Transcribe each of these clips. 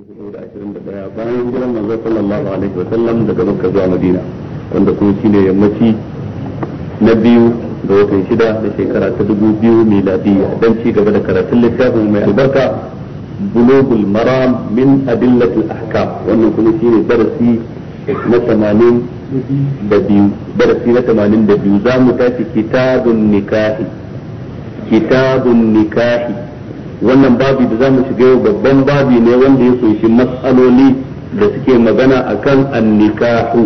421 bayan hijiran manzo sallallahu alaihi wa sallam daga Makka zuwa Madina wanda kuma shine yammaci na biyu da watan shida da shekara ta dubu biyu miladiyya dan ci gaba da karatun littafin mai albarka bulugul maram min adillatul ahkam wannan kuma shine darasi na tamanin da biyu darasi na biyu za mu tashi kitabun nikahi kitabun nikahi wannan babi da zamu shiga yau babban babi ne wanda ya kunshi matsaloli da suke magana akan annikahu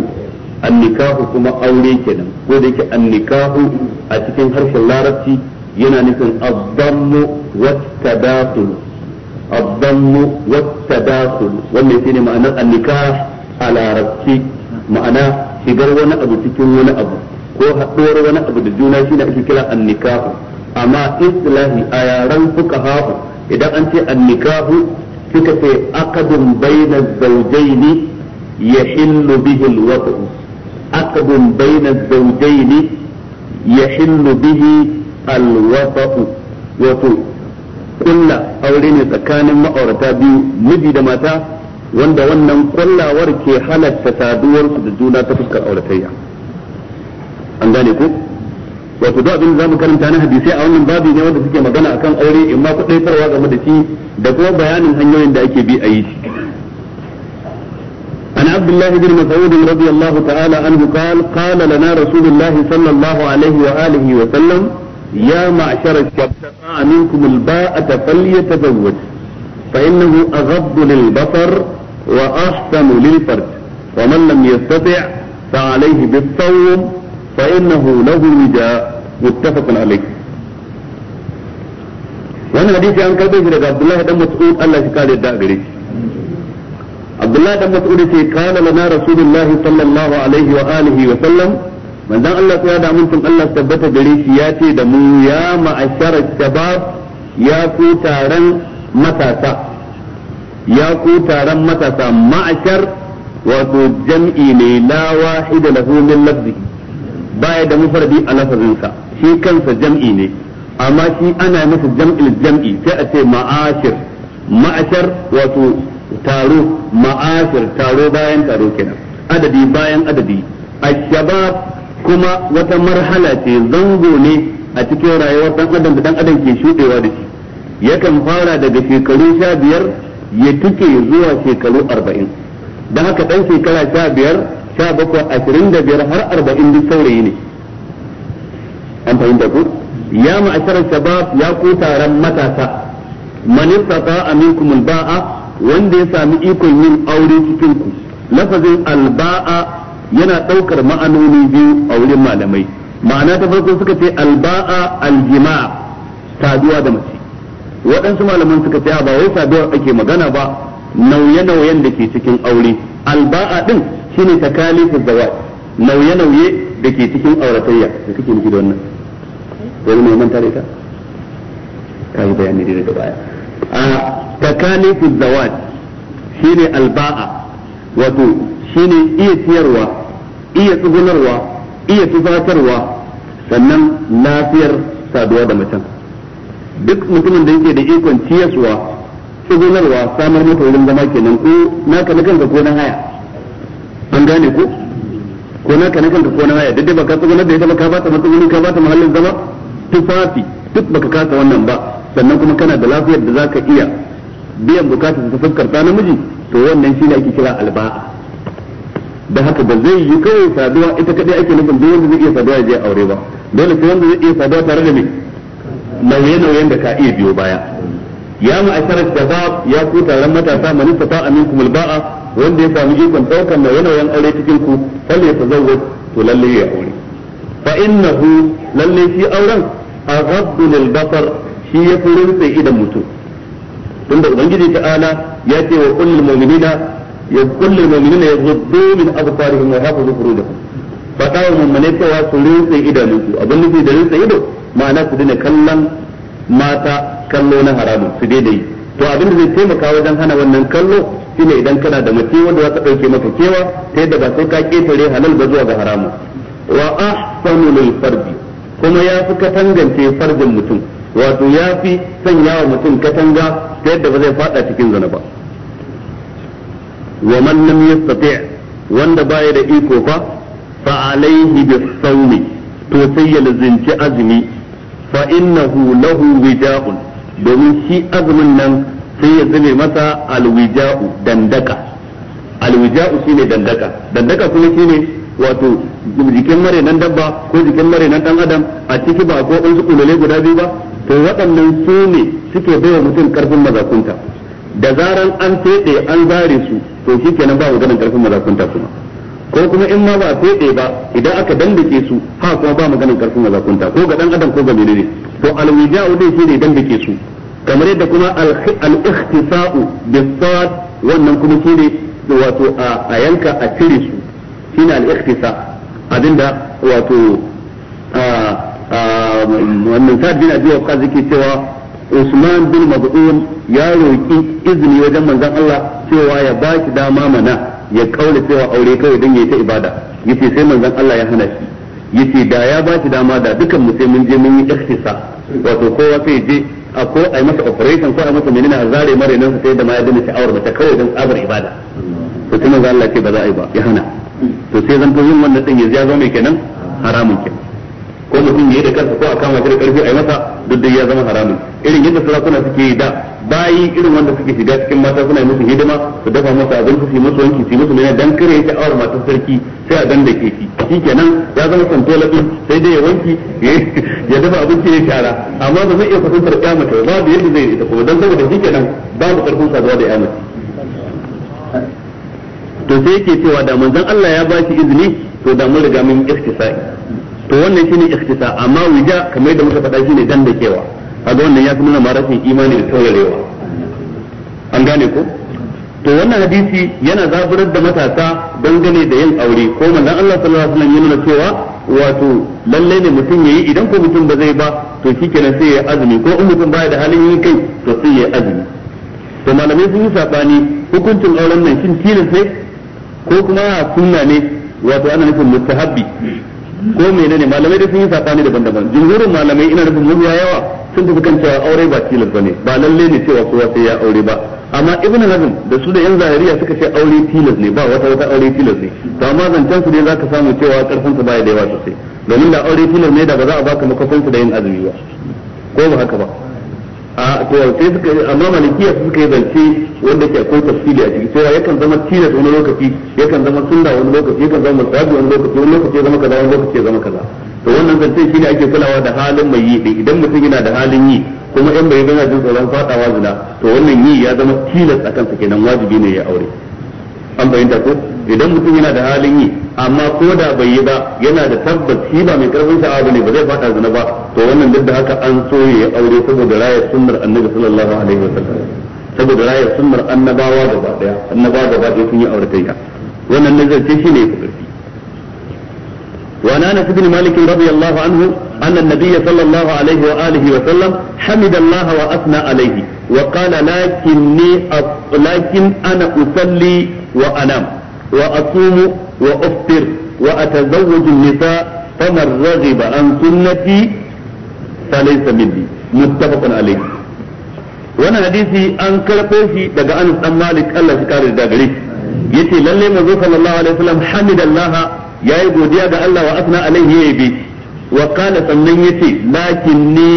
annikahu kuma aure kenan ko da yake annikahu a cikin harshen larabci yana nufin abdammu wattadakhul abdammu wattadakhul wannan shine ma'anar annikah a larabci ma'ana shigar wani abu cikin wani abu ko haɗuwar wani abu da juna shine ake kira annikahu amma islahi a yaren hafu idan an ce annikahu suka ce akadun baina ya yahillu bihi alwatu akadun baina zawjaini yahillu bihi alwatu wato kulla aure ne tsakanin ma'aurata biyu miji da mata wanda wannan kullawar ke halatta saduwarsu da juna ta fuskar auratayya an gane ko wato duk abin da zamu karanta na hadisi a wannan babi ne wanda suke magana akan aure in ma kudai farwa game da shi da kuma bayanin hanyoyin da ake bi a yi shi عن عبد الله بن مسعود رضي الله تعالى عنه قال قال لنا رسول الله صلى الله عليه وآله وسلم يا معشر الشباب منكم الباءة فليتزوج فإنه أغض للبصر وأحسن للفرج ومن لم يستطع فعليه بالصوم فإنه له وجاء متفق عليه hadisi an karbe shi daga Abdullahi dan Mas'ud Allah shi kare da gare shi Abdullahi dan Mas'ud ce kana lana Rasulullahi sallallahu alaihi wa alihi wa sallam manzon Allah ya da Allah tabbata gare shi ya ce da mu ya ma'ashara shabab ya ku matasa ya ku matasa ma'ashar wato jam'i ne la wahida lahu min lafzihi baya da mufardi a sa shi kansa jam'i ne amma shi ana masa jam'il jam'i sai a ce ma'ashir ma'ashar wato taro ma'ashir taro bayan taro kenan adadi bayan adadi ashabab kuma wata marhala ce zango ne a cikin rayuwar dan adam da dan adam ke shudewa da shi yakan fara daga shekaru sha biyar ya tuke zuwa shekaru arba'in da haka dan shekara sha biyar sha bakwai ashirin da biyar har arba'in duk saurayi ne an fahimta ku ya ma'asharar shabab ya ku taron matasa man ta aminkum alba'a wanda ya sami ikon yin aure cikin ku lafazin alba'a yana daukar ma'anoni biyu a wurin malamai ma'ana ta farko suka ce alba'a aljima'a saduwa da mace waɗansu malaman suka ce ba wai saduwar ake magana ba nauye-nauyen da ke cikin aure alba'a din shine takalifu zawaj nauye nauye da ke cikin auratayya da kake miki da wannan wani mai manta da ita kai bayani da daga baya a takalifu zawaj shine alba'a wato shine iya siyarwa iya tsugunarwa iya tufatarwa sannan lafiyar saduwa da macen duk mutumin da yake da ikon ciyaswa tsugunarwa samar mata wurin zama kenan ko naka na kanka ko na haya an gane ko ko na kana kanka ko na haya duk ba ka tsugunar da ita ba ka ba ta matsuguni ka ba ta mahallin zama tufafi duk baka kasa wannan ba sannan kuma kana da lafiyar da zaka iya biyan bukatar ta fuskar ta namiji to wannan shi ne ake kira alba'a da haka ba zai yi kawai saduwa ita kadai ake nufin duk wanda zai iya saduwa ya aure ba dole sai wanda zai iya saduwa tare da ni nauye-nauyen da ka iya biyo baya ya ma'asharar shabab ya ku taron matasa manista ta aminkum alba'a wanda ya samu ikon daukan na yanayin aure cikin ku falle ta zauwa to lalle ya aure fa innahu lalle shi auren aghaddu lil basar shi ya fi rufe idan mutum tunda ubangiji ta'ala ya ce wa kullul mu'minina ya kullul mu'minina yaghuddu min absarihim wa hafizu furujahum ta wa mummune cewa su rufe idanunsu abin nufi da rufe ido ma'ana su daina kallon mata kallo na haramun su daidai to abin da zai taimaka wajen hana wannan kallo shine idan kana da mace wanda za ta dauke maka kewa ta yadda ba sai ka ketare halal ba zuwa ga haramu wa ahsanu lil fardi kuma ya fi katangance farjin mutum wato ya fi sanya wa mutum katanga ta yadda ba zai fada cikin zina ba wa man lam yastati wanda baya da iko fa fa alaihi bis sawmi to sai ya lazinci azumi fa innahu lahu wida'un domin shi azumin nan sai ya zame masa alwija'u dandaka alwija'u shine dandaka dandaka kuma shine wato jikin mare nan dabba ko jikin mare nan dan adam a ciki ba ko ɗan su kulule guda biyu ba to waɗannan su ne suke baiwa mutum karfin mazakunta da zaran an feɗe an zare su to shi kenan ba maganar karfin mazakunta kuma ko kuma in ma ba a ba idan aka dandake su ha kuma ba maganar karfin mazakunta ko ga dan adam ko ga menene to alwija'u dai shine dandake su kamar yadda kuma al-ikhtisa'u bis-sad wannan kuma shine wato a yanka a cire su shine al-ikhtisa abinda wato wannan sa'ad bin abi waqas cewa Usman bin Maz'un ya roki izini wajen manzon Allah cewa ya ba shi dama mana ya kaula cewa aure kawai dan yayi ta ibada yace sai manzon Allah ya hana shi yace da ya ba shi dama da dukan mu sai mun je mun yi ikhtisa wato kowa sai je a ko a yi masa operation ko a masa menene a zare mare nan sai da ma ya dina sha'awar mace kawai don tsabar ibada to sai Allah ce ba za a yi ba ya hana to sai zan to yin wannan din ya zama mai kenan haramun kenan ko mutum yi da kansa ko a kama shi da karfi a yi masa duk da ya zama haramun irin yadda sarakuna suke yi da bayi irin wanda suke shiga cikin mata suna yi musu hidima su dafa masa abin su yi musu wanki su yi musu mena dan kare yake awar matar sarki sai a dan da ke shi nan ya zama santolabi sai dai ya wanki ya dafa abinci ya shara amma ba zai iya kusantar ya mace ba da yadda zai ita kuma dan saboda shikenan babu karfin saduwa da ya mace to sai yake cewa da manzon Allah ya ba shi izini to da mun riga mun istisai to wannan shine ikhtisa amma wija kamar da muka faɗa shine dan da kewa kaga wannan ya nuna ma rashin imani da taurarewa an gane ko to wannan hadisi yana zaburar da matasa dangane da yin aure ko manzon Allah sallallahu alaihi wasallam yana cewa wato lalle ne mutum yayi idan ko mutum ba zai ba to shikenan sai ya azumi ko in mutum baya da halin yin kai to sai ya azumi to malamai sun yi sabani hukuncin auren nan shin tilin sai ko kuma sunna ne wato ana nufin mustahabbi ko menene malamai da sun yi sakani daban-daban jumhurin malamai ina nufin mabiya yawa sun tafi kan cewa aure ba tilas bane ba lalle ne cewa kowa sai ya aure ba amma ibn hazm da su da yan zahiriya suka ce aure tilas ne ba wata wata aure tilas ne to amma zancen su ne zaka samu cewa karfin su baya da yawa sosai domin da aure tilas ne da ba za a baka makafin su da yin azumi ba ko ba haka ba a to sai suka yi amma malikiya suka yi zance wanda ke akwai tafsili a ciki cewa kan zama tilas wani lokaci ya kan zama sunna wani lokaci ya kan zama musabi wani lokaci wani lokaci ya zama kaza wani lokaci ya zama kaza to wannan zance shine ake kulawa da halin mai yi idan mutum yana da halin yi kuma in bai yana jin tsoron fadawa zina to wannan yi ya zama tilas akan sa kenan wajibi ne ya aure an bayyana ko idan mutum yana da halin yi amma ko da bai yi ba yana da tabbas shi ba mai karfin sha'a bane ba zai fada zina ba to wannan duk da haka an so ya aure saboda rayar sunnar annabi sallallahu alaihi wa sallam saboda rayar sunnar annabawa gaba daya annabawa gaba daya sun yi aure auratayya wannan nazarce shi ne ya ku karfi وعن انس بن anhu رضي الله عنه ان النبي صلى الله عليه واله وسلم حمد الله واثنى عليه وقال لكني لكن انا اصلي وانام وأصوم وأفطر وأتزوج النساء فمن رغب عن سنتي فليس مني متفق عليه wannan hadisi an karɓo shi daga Anas dan Malik Allah shi kare da gare yace lalle manzo sallallahu alaihi wasallam hamidallaha yayi godiya ga Allah wa asna alaihi yabi wa qala sannan yace lakin ni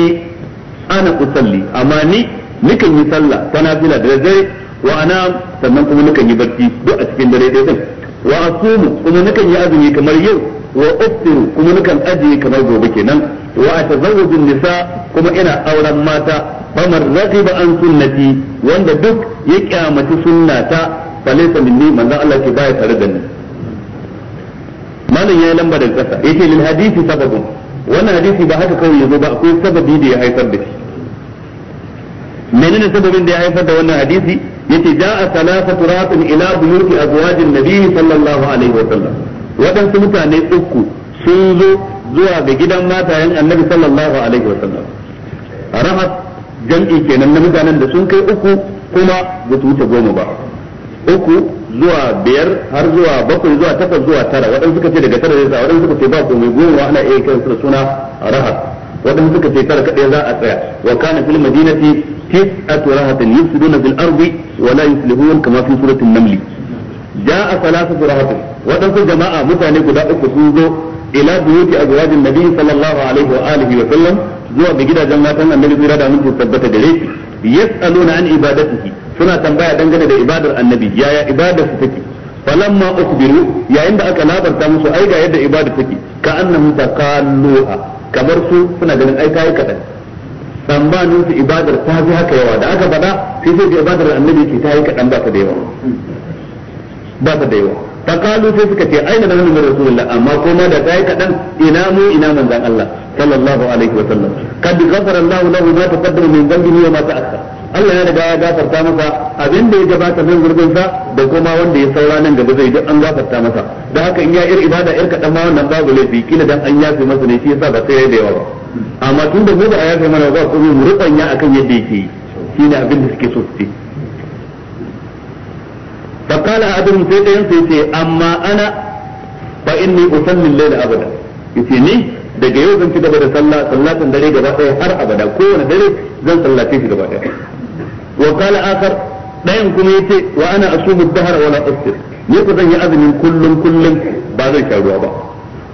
ana usalli amma ni nikan yi sallah ta nafila da dare wa ana sannan kuma nukan yi barci duk a cikin dare dai din wa asumu kuma nukan yi azumi kamar yau wa uftiru kuma nukan ajiye kamar gobe kenan wa atazawwaju nisa kuma ina auren mata famar raqiba an sunnati wanda duk ya kyamaci sunnata falaysa minni manzo Allah ke baya tare da ni malam yayi lamba daga kasa yace lil hadisi sababun wannan hadisi ba haka kawai yazo ba akwai sababi da ya haifar da shi menene sababin da ya haifar da wannan hadisi yace ja'a thalathatu ratun ila buyuti azwajin nabiy sallallahu alaihi wa sallam wadansu mutane uku sun zo zuwa ga gidan matayen annabi sallallahu alaihi wa sallam rahat jam'i kenan na mutanen da sun kai uku kuma ba su wuce goma ba uku zuwa biyar har zuwa bakwai zuwa takwas zuwa tara waɗansu suka ce daga tara zai sa waɗansu suka ce ba komai goma ana iya kiransu da suna rahat waɗanda suka ce tara kaɗai za a tsaya wa kana fil madinati tis'atu rahatin yufsiduna fil ardi wa la yuslihun kama fi suratin naml ja'a thalathatu rahatin waɗansu jama'a mutane guda uku sun zo ila buyuti azwajin nabi sallallahu alaihi wa alihi wa sallam zuwa ga gidajen matan annabi tsira da mun tabbata gare shi yas'aluna an ibadatihi suna tambaya dangane da ibadar annabi yaya ibadar su take falamma ukbiru yayin da aka labarta musu ai ga yadda ibada take ka annahum taqalluha kamar su suna ganin ai kai kadan tsammanin su ibadar ta fi haka yawa da aka faɗa sai sai ibadar annabi ke ta yi kadan ba ta da yawa ba ta da yawa kalu sai suka ce aina nan ne rasulullah amma ko ma da kai kadan ina mu ina manzon Allah sallallahu alaihi wa sallam kad ghafara Allah lahu ma taqaddama min dhanbihi wa ma ta'akhkhara Allah ya riga ya gafarta masa abin da ya gabata nan gurbin sa da kuma wanda ya saura nan gaba zai duk an gafarta masa da haka in ya ir ibada ir kadan ma wannan babu laifi kila dan an yafe masa ne shi yasa ba sai ya da yawa ba amma tun da mu ba a yafe mana ba ko mu rubanya akan yadda yake ne abin da suke so su ce فقال amma ana fa inni usalli al-layla abada yace ni daga yau zan ci gaba da sallah sallatin dare gaba ɗaya har abada kowane dare zan sallace shi gaba ɗaya wa qala akhar dayan kuma yace wa ana asumu dahar wa la aftir ni zan yi azumin kullum kullum ba zan sha ruwa ba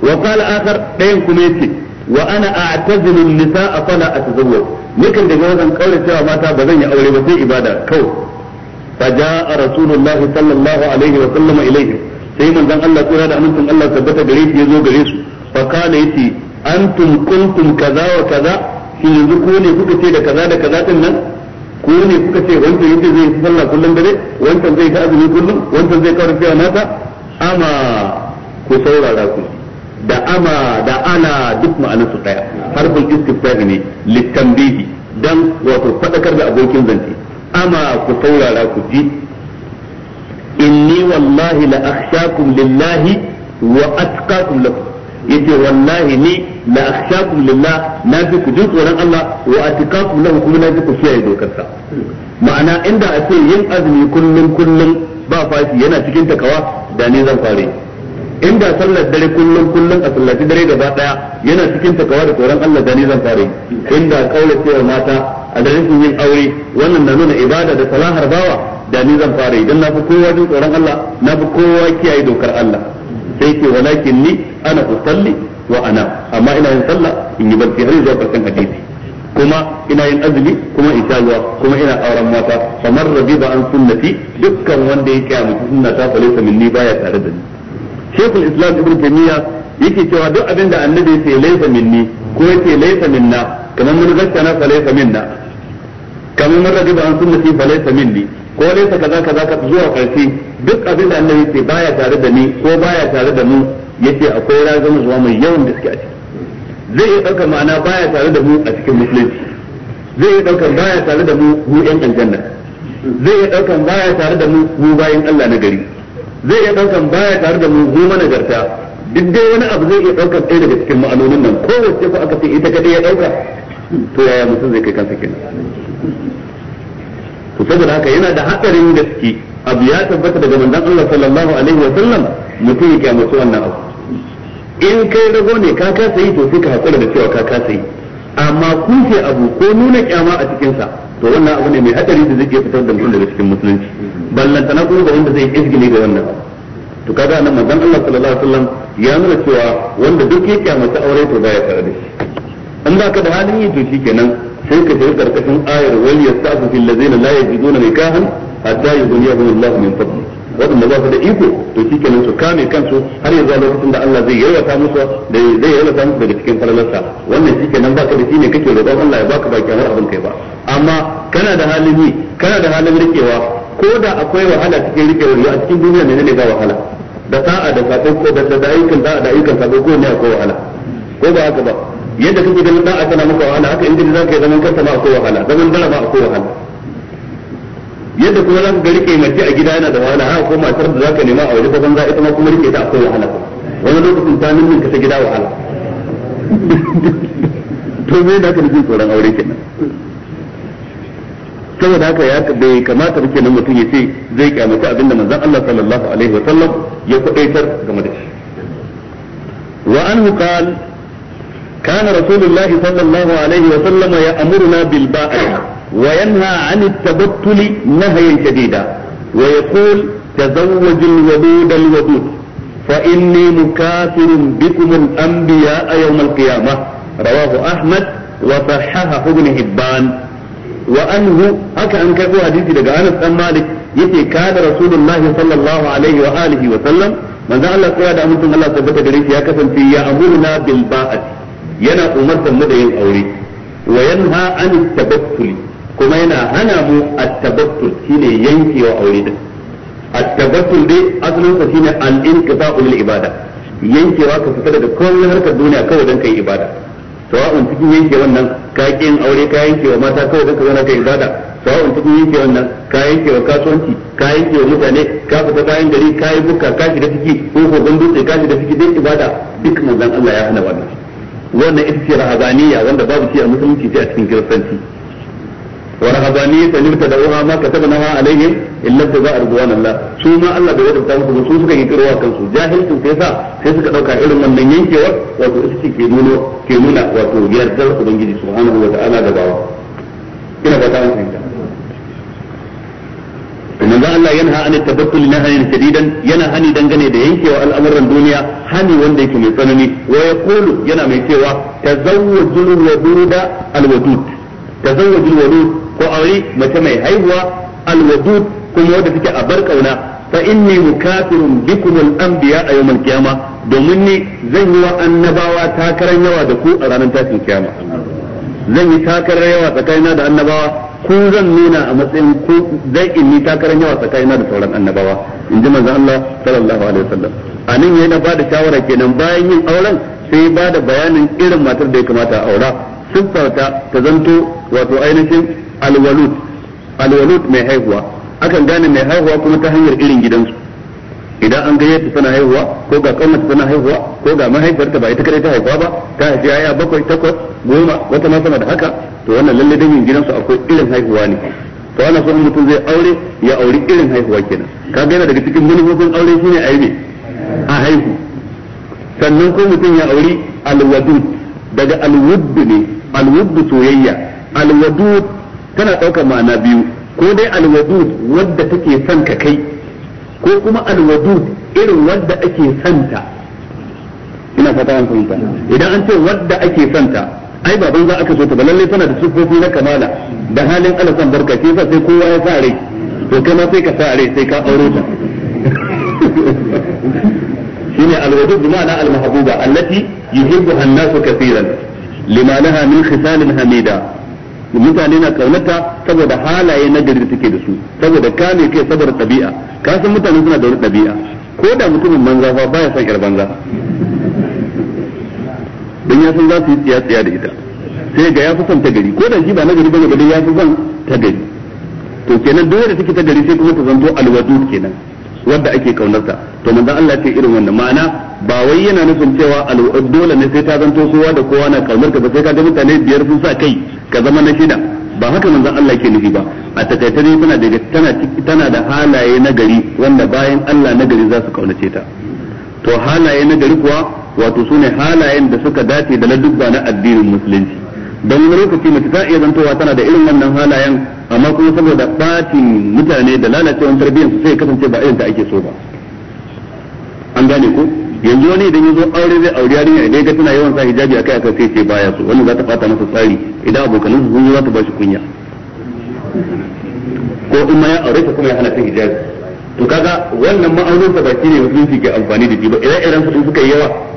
wa qala akhar dayan kuma yace wa ana a'tazilu an kan daga cewa mata ba zan yi aure ba sai ibada kawai فجاء رسول الله صلى الله عليه وسلم إليهم sai manzon Allah kura da amincin Allah tabbata gare shi yazo gare su fa kana yace antum kuntum kaza wa kaza shi yanzu ko ne kuka ce da kaza da kaza din nan ko ne kuka ce wancan yake zai sallah kullum dare wancan zai ta azumi kullum wancan zai kawar fiya mata ama ku saurara ku da ama da ana duk ma'anar su daya harfin istiftahi ne litambihi dan wato fadakar da abokin zance ama ku saurara ku ji inni wallahi la akhshakum lillahi wa atqakum lakum yace wallahi ni la akhshakum lillah na fi ku jin tsoron Allah wa atiqakum lahu kuma na fi ku kiyaye dokar ma'ana inda a ce yin azumi kullum kullum ba fashi yana cikin takawa da ni zan fare inda sallar dare kullum kullum a sallaci dare gaba daya yana cikin takawa da tsoron Allah da ni zan fare inda kaula cewa mata a da yin aure wannan na nuna ibada da salahar bawa da ni zan fare idan na fi kowa jin tsoron Allah na fi kowa kiyaye dokar Allah sai ke walakin ni ana usalli wa ana amma ina yin sallah in yi barci har zuwa karshen hadisi kuma ina yin azumi kuma in sha ruwa kuma ina auren mata kamar rabi ba an sunnati dukkan wanda ya kiyamata sunnata fa laysa minni baya tare da ni shekul islam ibn taymiya yake cewa duk abin da annabi ya ce laysa minni ko ya ce laysa minna kamar mun gaskana fa laysa minna kamar mun ba an sunnati fa laysa minni ko nesa kaza kaza ka zuwa karfi duk abin da Allah ce baya tare da ni ko baya tare da mu yake akwai razana zuwa mai yawan gaske a ciki zai iya daukar ma'ana baya tare da mu a cikin musulunci zai iya daukar baya tare da mu mu yan aljanna zai iya daukar baya tare da mu mu bayan Allah na gari zai iya daukar baya tare da mu mu managarta duk dai wani abu zai iya daukar ɗaya daga cikin ma'anonin nan kowace ko aka ce ita kadai ya dauka to yaya mutum zai kai kansa kenan to saboda haka yana da hadarin gaske abu ya tabbata daga manzon Allah sallallahu alaihi wa sallam mutum ya kyamace wannan abu in kai rago ne ka ka sai to sai ka hakura da cewa ka ka sai amma ce abu ko nuna kyama a cikin sa to wannan abu ne mai hadari da zai iya fitar da mutum daga cikin musulunci na kuma wanda zai izgile ga wannan to kaga nan manzon Allah sallallahu alaihi wasallam ya nuna cewa wanda duk ya kyamata aure to za ya tare da shi in ba ka da halin yi to shikenan sai ka shiga karkashin ayar wal yastafu fil ladzina la yajiduna nikahan hatta yughniyahum Allahu min fadli wadanda ba su da iko to shikenan su kame kansu har yanzu lokacin da Allah zai yarwata musu da zai yarwata musu daga cikin falalarsa wannan shikenan baka da shi shine kake roƙon Allah ya baka baki har abin kai ba amma kana da halin yi kana da halin rikewa ko da akwai wahala cikin rikewar a cikin duniya ne ne ba wahala da sa'a da sabo ko da da ayyukan da ayyukan sabo ko ne akwai wahala ko ba haka ba yadda kake ganin aka na maka wahala haka indai za yi zaman kanka ma akwai wahala zaman dara ma akwai wahala yadda kuma za ga rike mace a gida yana da wahala haka ko matar da za nema a waje ko banza ita ma kuma rike ta akwai wahala wani lokacin ta nuna ka ta gida wahala to me da ka da jin tsoron aure kenan saboda haka ya bai kamata muke nan mutum ya ce zai kyamata abinda manzon Allah sallallahu alaihi wa sallam ya kudaitar game da shi wa anhu qala كان رسول الله صلى الله عليه وسلم يأمرنا بالباء وينهى عن التبتل نهيا شديدا ويقول تزوج الودود الودود فإني مكافر بكم الأنبياء يوم القيامة رواه أحمد وصححه ابن حبان وأنه هكا أن كفوا حديثي لقى أنس بن مالك يتي كان رسول الله صلى الله عليه وآله وسلم من ذا الله قيادة أمركم الله ثبت بريس يا كفن في يأمرنا بالباءة yana umartar mu da yin aure wa yanha an tabattul kuma yana hana mu at-tabattul shine yankewa aure din at-tabattul dai asalin sa shine al-inqita'u lil ibada yankewa ka fita daga komai harkar duniya kawai dan kai ibada sawa'un cikin yanke wannan ka yin aure ka yanke wa mata kawai dan ka zauna kai ibada sawa'un cikin yanke wannan ka yanke wa kasuwanci ka yanke wa mutane ka fita bayan gari ka yi bukka ka shiga ciki ko ko dutse ka shiga ciki dai ibada duk manzon Allah ya hana wannan wannan ita ce rahabaniya wanda babu shi a musulunci sai a cikin kiristanci wa rahabaniya ta nirta da uha ma katabna ma alaihim illa ta za'a rubuwan Allah su ma Allah bai wadanta musu su suka yi kirwa kansu jahilcin sai sa sai suka dauka irin wannan yankewar wato ita ce ke nuna ke nuna wato yardar ubangiji subhanahu wa ta'ala da bawa ina ba ta fahimta manzo Allah yana an tabattul nahyan shadidan yana hani dangane da yankewa al'amuran duniya hani wanda yake mai tsanani wa yaqulu yana mai cewa tazawwajul waduda alwadud tazawwajul wadud ko aure mace mai haihuwa alwadud kuma wanda take a bar kauna fa inni mukafirun bikum al-anbiya a yawmal qiyama domin ni zan yi wa annabawa takarar yawa da ku a ranar tashin kiyama zan yi takarar yawa tsakanina da annabawa ko zan nuna a matsayin ko zai in ni takarar yawa tsakanin da sauran annabawa in ji Allah sallallahu alaihi wasallam a nan yana ba da shawara kenan bayan yin auren sai ba da bayanin irin matar da ya kamata a aura siffarta ta zanto wato ainihin alwalud alwalut mai haihuwa akan gane mai haihuwa kuma ta hanyar irin gidansu idan an ga yadda tana haihuwa ko ga kaunarta tana haihuwa ko ga mahaifiyarta ba ita kadai ta haihuwa ba ta haifi yaya bakwai takwas goma wata ma da haka to wannan lalle dangin gidansu akwai irin haihuwa ne to ana son mutum zai aure ya auri irin haihuwa kenan kaga yana daga cikin manufofin aure shine a yi a haihu sannan ko mutum ya auri alwadud daga alwudd ne alwudd soyayya alwadud tana daukar ma'ana biyu ko dai alwadud wadda take son ka kai ko kuma alwadud irin wadda ake santa ina fata an fahimta idan an ce wadda ake santa ai ba banza aka so ta ba tana da sufofi na kamala da halin alasan barka shi yasa sai kowa ya sa rai to kai ma sai ka sa rai sai ka aure ta shine alwadud bi ma'ana almahbuba allati yuhibbuha an-nasu kaseeran lima laha min khisalin hamida mutane na kaunata saboda halaye na gari da take da su saboda kame kai saboda tabi'a ka san mutane suna da wani tabi'a ko da mutumin banza fa baya son yar banza dan ya san za su yi tsiya tsiya da ita sai ga ya fi son ta gari ko da shi ba na gari bane ba dai ya fi son ta gari to kenan duk da take ta gari sai kuma ta zanto alwadud kenan wanda ake kaunarta to manzon Allah ce irin wannan ma'ana ba wai yana nufin cewa alwadud dole ne sai ta zanto kowa da kowa na kaunar ka ba sai ka ga mutane biyar sun sa kai ka zama na shida ba haka manzon Allah ke nufi ba a takaice dai tana daga tana tana da halaye na gari wanda bayan Allah na gari za su kaunace ta to halaye na gari kuwa wato ne halayen da suka dace da ladubba na addinin musulunci don wani lokaci mace ta iya zantowa tana da irin wannan halayen amma kuma saboda ɓacin mutane da lalacewar tarbiyyar su sai kasance ba irin ta ake so ba an gane ko yanzu wani idan yanzu aure zai aure yarinya idan ga tana yawan sa hijabi akai akai sai ce baya so wannan za ta fata masa tsari idan abokanin su sun zo za ta kunya ko in ma ya aure ta kuma ya hana ta hijabi to kaga wannan ma'aunin sa ba ne musulunci ke amfani da shi ba ire-iren su suka yi yawa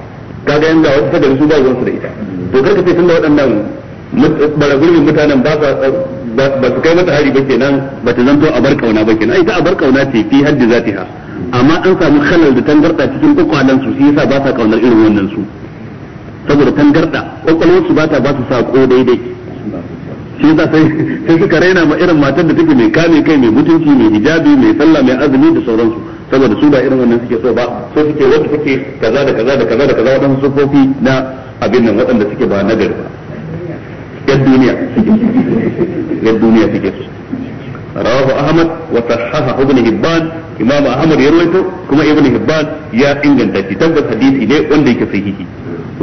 kaga yanda wata ta gari su ba zuwansu da ita to karka ce tunda waɗannan bara mutanen ba ba su kai mata hari ba kenan ba ta zanto a bar kauna ba kenan ita a bar kauna ce fi haddi ha amma an samu khalal da tangarda cikin kwakwalan su shi yasa ba sa kaunar irin wannan su saboda tangarda kwakwalwar su ba ta ba su sa sako daidai shi yasa sai sai suka raina ma irin matar da take mai kame kai mai mutunci mai hijabi mai sallah mai azumi da sauransu saboda su ba irin wannan suke so ba so suke wanda suke kaza da kaza da kaza da kaza wadannan sufofi na abin nan waɗanda suke ba na gari ba yan duniya suke yan duniya suke so rawahu ahmad wa sahahahu ibn hibban imam ahmad ya rawaito kuma ibn hibban ya inganta shi tabbas hadisi ne wanda yake sahihi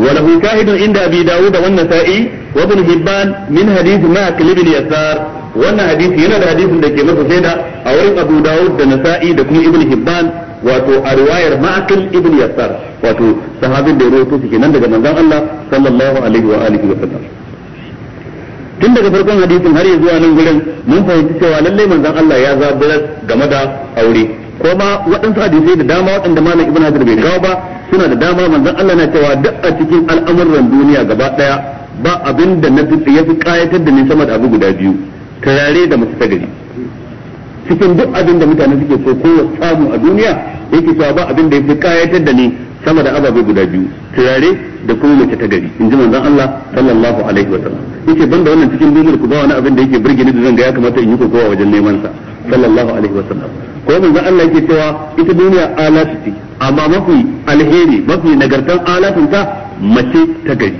وله شاهد عند ابي داود والنسائي وابن هبان من حديث معقل بن يسار وان حديث هنا حديث لك مسجد أو أبو داود والنسائي دكم ابن هبان واتو a riwayar ma'akil ibn yassar wato sahabin da ya rawaito su kenan daga الله Allah sallallahu alaihi wa alihi tun daga farkon hadisin har yanzu a nan gurin mun fahimci cewa lallai manzon Allah ya zaburar game da aure ma waɗansu hadisai da dama waɗanda malam ibn hajar bai kawo ba suna da dama manzon Allah na cewa duk a cikin al'amuran duniya gaba ɗaya ba abin da na fi ya fi kayatar da ni sama da abu guda biyu turare da masu tagari cikin duk abin da mutane suke so ko samu a duniya yake cewa ba abin da ya fi kayatar da ni sama da ababe guda biyu turare da kuma mace tagari in ji manzon Allah sallallahu alaihi wa sallam yake banda wannan cikin duniyar ku ba wani abin da yake burge ni da zan ga ya kamata in yi kokowa wajen neman sa sallallahu alaihi wa sallam ko ga Allah yake cewa ita duniya alati amma mafi alheri mafi nagartan alatin ta mace ta gari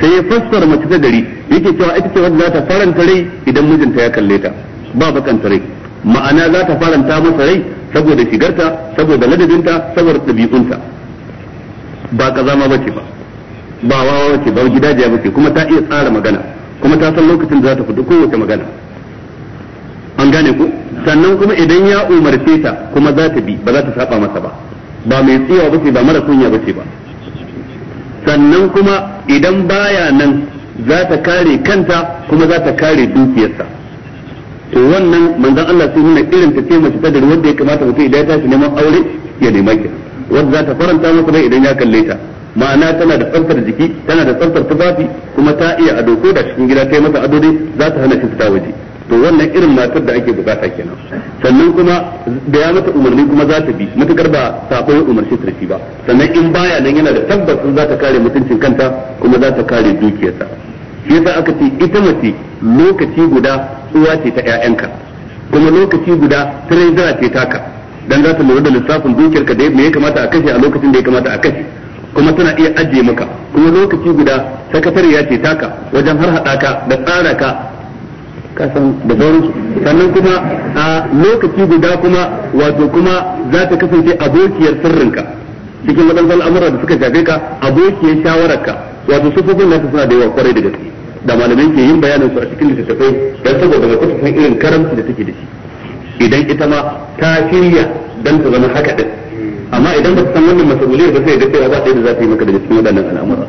sai ya fassara mace ta gari yake cewa ita ce wanda za ta faranta rai idan mijinta ya kalle ta ba bakanta rai ma'ana za ta faranta masa rai saboda shigarta saboda ladabinta saboda dabi'unta ba kazama ce ba ba wawa ce ba gidajiya ce kuma ta iya tsara magana kuma ta san lokacin da za ta fito kowace magana an gane ku sannan kuma idan ya umarce ta kuma za ta bi ba za ta saba masa ba ba mai tsiyawa ce ba mara kunya bace ba sannan kuma idan baya nan za ta kare kanta kuma za ta kare dukiyarsa to wannan manzon Allah sai nuna irin ta ce mace ta da wanda ya kamata mutum idan ya tashi neman aure ya nema ki wanda za ta faranta masa rai idan ya kalle ta ma'ana tana da tsaftar jiki tana da tsaftar tufafi kuma ta iya ado ko da cikin gida ta yi masa ado dai za ta hana shi fita waje to wannan irin matar da ake bukata kenan sannan kuma da ya mata umarni kuma za ta bi matukar ba sabon umarci ta ba sannan in baya nan yana da tabbatin za ta kare mutuncin kanta kuma za ta kare dukiyarta shi yasa aka ce ita mace lokaci guda tsuwa ce ta ƴaƴanka kuma lokaci guda tare ce taka dan za ta lura da lissafin dukiyarka da ya kamata a kashe a lokacin da ya kamata a kashe kuma tana iya ajiye maka kuma lokaci guda sakatariya ce taka wajen har haɗa ka da tsara ka kasan da sauransu sannan kuma a lokaci guda kuma wato kuma za ta kasance abokiyar sirrinka cikin waɗansu al'amura da suka shafe ka abokiyar shawararka wato sufofin nasu suna da yawa kwarai da gaske da malamai ke yin bayanin su a cikin littattafai don saboda mai kusa san irin karamci da take da shi idan ita ma ta shirya don ta zama haka din amma idan ba ta san wannan masauliyar ba sai da cewa ba yi da za ta yi maka daga cikin waɗannan al'amura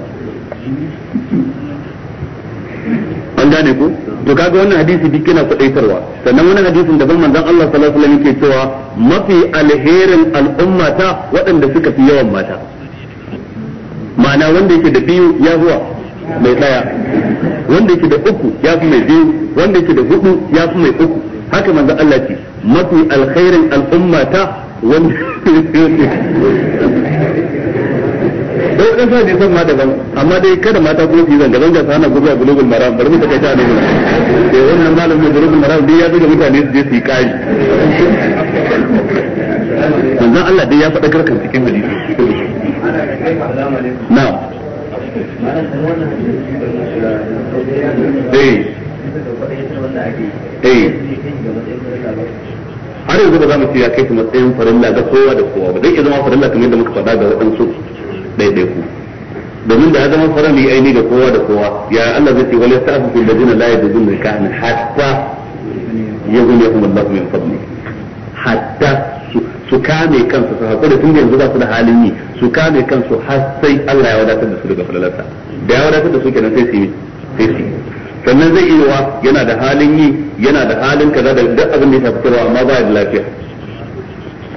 an gane ko to kaga wannan hadisi duk yana kwadaitarwa sannan wani hadisin daban manzon Allah sallallahu alaihi wasallam yake cewa mafi alherin al'ummata waɗanda suka fi yawan mata ma'ana wanda yake da biyu ya zuwa mai daya wanda yake da uku ya fi mai biyu wanda yake da hudu ya fi mai uku haka manzon Allah ce mafi alkhairin al'ummata wanda da waɗansu hadisan ma daban amma dai kada mata ko fi yi zanga zanga su hana gobe a bulugul maram bari mu ta ne ne da wannan malamin bulugul maram dai ya ga mutane su je su yi kari manzon Allah dai ya faɗa karkan cikin hadisi na'am eh. Eh. har yanzu ba za mu ce ya kai su matsayin farilla ga kowa da kowa ba dai ya zama farilla kamar yadda muka faɗa ga waɗansu ɗaiɗaiku domin da ya zama farami aini da kowa da kowa ya Allah zai ce wala ta'fu jina ladina da yajidun nikahan hatta kuma lafi min fadli hatta su kame kansu su hakura tun yanzu ba su da halin yi su kame kansu har sai Allah ya wadatar da su daga falalarsa da ya wadatar da su kenan sai su yi sai su sannan zai iya wa yana da halin yi yana da halin kaza da duk abin da ya tafi amma ba ya da lafiya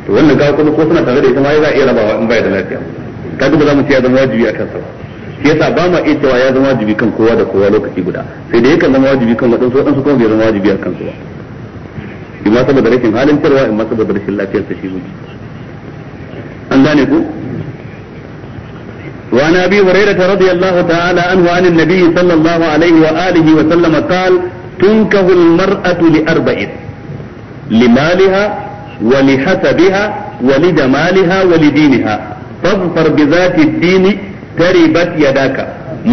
to wannan ga kuma ko suna tare da ita ma za a iya rabawa in ba ya da lafiya kaga ba za mu ce ya zama wajibi a kansa ba shi yasa ba ma iya cewa ya zama wajibi kan kowa da kowa lokaci guda sai da yakan zama wajibi kan waɗansu waɗansu kuma bai zama wajibi a kansu ba in ma saboda rashin halin tarwa in ma saboda rashin lafiyar sa shi miji an gane ku وعن ابي هريره رضي الله تعالى عنه عن النبي صلى الله عليه واله li قال تنكه المراه لاربع لمالها ولحسبها ولجمالها ولدينها fadfar bi zati dini taribat yadaka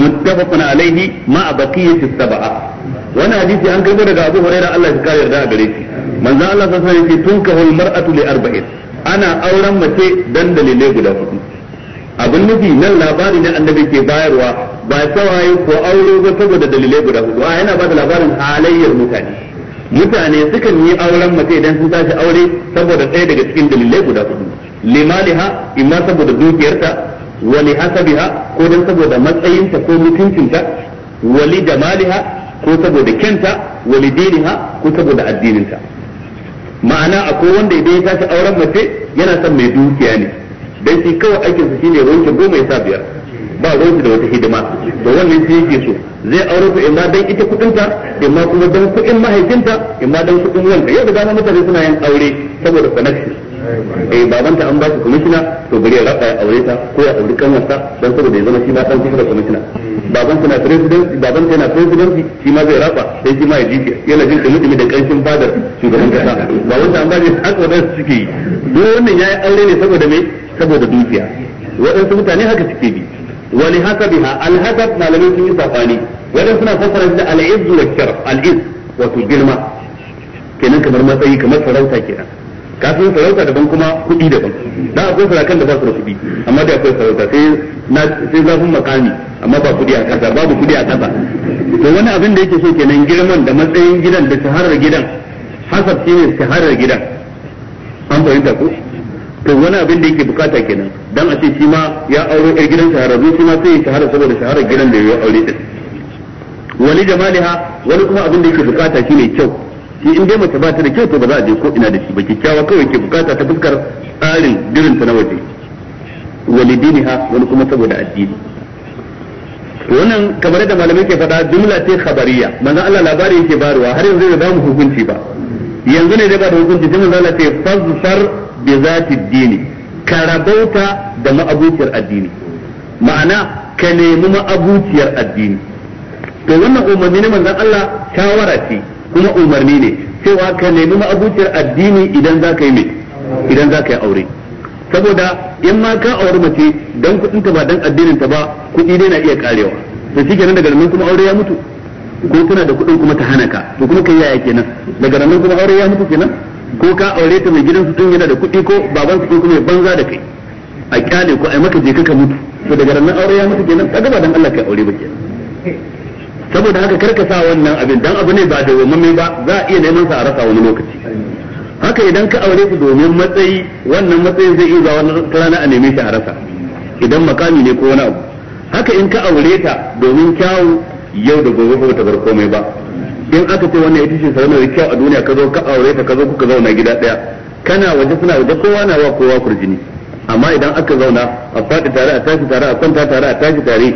muttafaqun alaihi ma baqiyati sab'a wannan hadisi an karbo daga Abu Hurairah Allah ya kare yarda a gare shi manzo Allah sallallahu alaihi wasallam ya tun tunkahul mar'atu li arba'in ana auren mace dan dalilai guda hudu abin nufi nan labari ne annabi ke bayarwa ba tawaye ko aure ba saboda dalilai guda hudu a yana ba da labarin halayyar mutane mutane sukan yi auren mace idan sun tashi aure saboda ɗaya daga cikin dalilai guda hudu limaliha imma saboda dukiyarta wali hasabiha ko dan saboda matsayinta ko mutuncinta wali jamaliha ko saboda kyanta wali diniha ko saboda addininta ma'ana akwai wanda idan ya tashi auren mace yana son mai dukiya ne dan shi kawai aikin sa shine wanke goma ya sa biyar ba wanke da wata hidima to wannan shi yake so zai aure su imma dan ita kudinta imma kuma dan kudin mahaifinta imma dan kudin wanka yau da dama mutane suna yin aure saboda connection eh babanta an ba shi kwamishina to bari ya raka ya aure ta ko ya aure kanwarsa dan saboda ya zama shi ma dan cikin da kwamishina babanta na presidency babanta na presidency shi ma zai raka sai shi ma ya jike yana jin dumi dumi da karshen fadar shugaban kasa wanda an ba shi haka wadansu suke yi duk wannan yayi aure ne saboda me saboda dukiya waɗansu mutane haka suke bi wani haka biha alhasab malamai sun yi safani wadansu suna fassara da al'izzu wa sharaf al'iz wato girma kenan kamar matsayi kamar farauta kenan kafin sarauta daban kuma kuɗi daban da akwai sarakan da ba su da kuɗi amma da akwai sarauta sai na sai zafin makami amma ba kuɗi a kasa babu kuɗi a kasa to wani abin da yake so kenan girman da matsayin gidan da shaharar gidan hasab shi ne shaharar gidan an fahimta ko to wani abin da yake bukata kenan dan a ce shi ma ya aure ɗan gidan shahararru shi ma sai ya shahara saboda shaharar gidan da ya aure din wani jamaliha wani kuma abin da yake bukata shine kyau shi in dai mace ba ta da kyau to ba za a je ko ina da shi ba kyakkyawa kawai ke bukata ta fuskar tsarin birin ta na waje ha wani kuma saboda addini wannan kamar da malamai ke faɗa jumla ce khabariya manzon Allah labari yake barwa har yanzu bai ba mu hukunci ba yanzu ne dai ba da hukunci sai manzon Allah ce fazzar bi zati dini karabauta da ma'abuciyar addini ma'ana ka nemi ma'abuciyar addini to wannan umarni ne manzon Allah shawara ce kuma umarni ne cewa ka nemi ma'abuciyar addini idan za ka yi mai idan za ka yi aure saboda in ma ka aure mace dan kuɗin ta ba dan addinin ta ba kuɗi dai na iya karewa to kenan daga nan kuma aure ya mutu ko tana da kuɗin kuma ta hana ka to kuma kai yaya kenan daga nan kuma aure ya mutu kenan ko ka aure ta mai gidansu din yana da kuɗi ko baban su kuma ya banza da kai a kyale ko ai maka je ka mutu to daga nan aure ya mutu kenan kaga ba dan Allah kai aure ba kenan saboda haka karka sa wannan abin dan abu ne ba da wamamme ba za a iya neman sa a rasa wani lokaci haka idan ka aure ku domin matsayi wannan matsayin zai iya wani rana a neme shi a rasa idan makami ne ko wani abu haka in ka aure ta domin kyawu yau da gobe ko ta bar komai ba in aka ce wannan ita ce sarana da kyau a duniya ka zo ka aure ta ka zo kuka zauna gida daya kana waje suna waje kowa na wa kowa kurjini amma idan aka zauna a faɗi tare a tashi tare a kwanta tare a tashi tare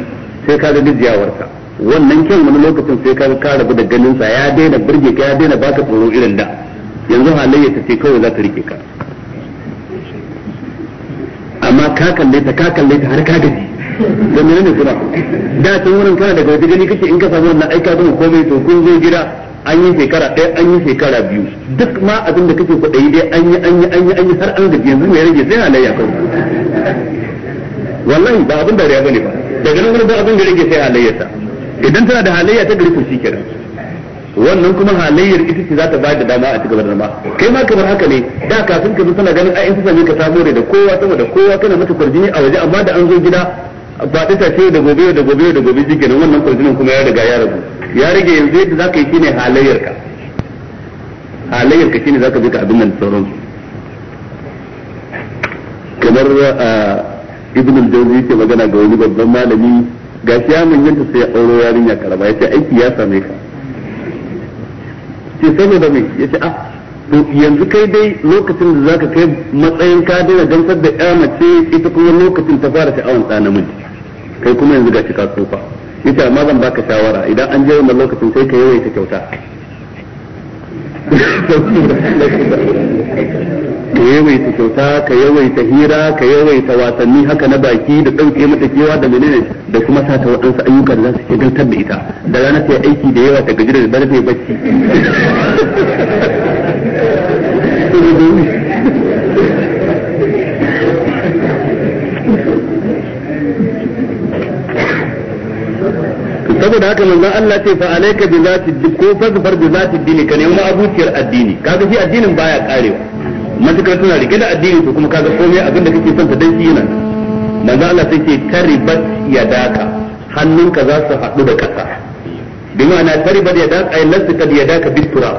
sai ka ga gajiyawarsa wannan kyan wani lokacin sai ka ka rabu da ganin sa ya daina burge ka ya daina baka tsoro irin da yanzu halayya ta ce kawai za ta rike ka amma ka kalle ta ka kalle ta har ka gaji da menene kuma da tun wurin kana daga waje gani kake in ka samu wannan aika don komai to kun zo gida an yi shekara ɗaya an yi shekara biyu duk ma abin da kake kuɗayi dai an yi an yi an yi an yi har an gaji yanzu mai rage sai halayya kawai wallahi ba abin da ya bane ba daga nan wani ba abin da rage sai halayyarsa idan tana da halayya ta gari ko shikenan wannan kuma halayyar ita ce za ta ba da dama a cikin da ma kai ma kamar haka ne da kafin ka zo tana ganin ai in sami ka ta more da kowa sama da kowa kana mata kwarjini a waje amma da an zo gida ba ta tace da gobe da gobe da gobe jikin wannan kwarjinin kuma ya riga ya rabu ya rage yanzu yadda za ka yi shine halayyar ka halayyar ka shine za ka bi ka abin nan sauransu kamar ah, ibn al-jawzi ke magana ga wani babban malami ga shi ya manyanta sai ya auro yarinya ya yace aiki ya same ka ce mai ah, ya yace a to yanzu kai dai lokacin da zaka kai matsayin ka daina gamsar da ya mace ita kuma lokacin ta fara sha'awan ɗa namiji kai kuma yanzu cika ka ya ce amma zan baka shawara idan an je wannan lokacin sai ka yawaita kyauta yawaita kyauta ka yawaita hira ka yawaita wasanni haka na baki da ɗauke mata kewa da menene da kuma sa ta waɗansu ayyuka da za su shigaltar da ita da rana sai aiki da yawa ta gaji da dare sai bacci saboda haka manzon Allah ce fa alayka bi zati ko fa bi zati dini ka nemi abuciyar addini kaga shi addinin baya karewa matukar tana rike da addini to kuma kaga komai abin da kake son ta dan yana manzo Allah sai ce taribat yadaka hannunka za su haɗu da ƙasa bi ma'ana taribat yadaka ay lasu kad yadaka bitura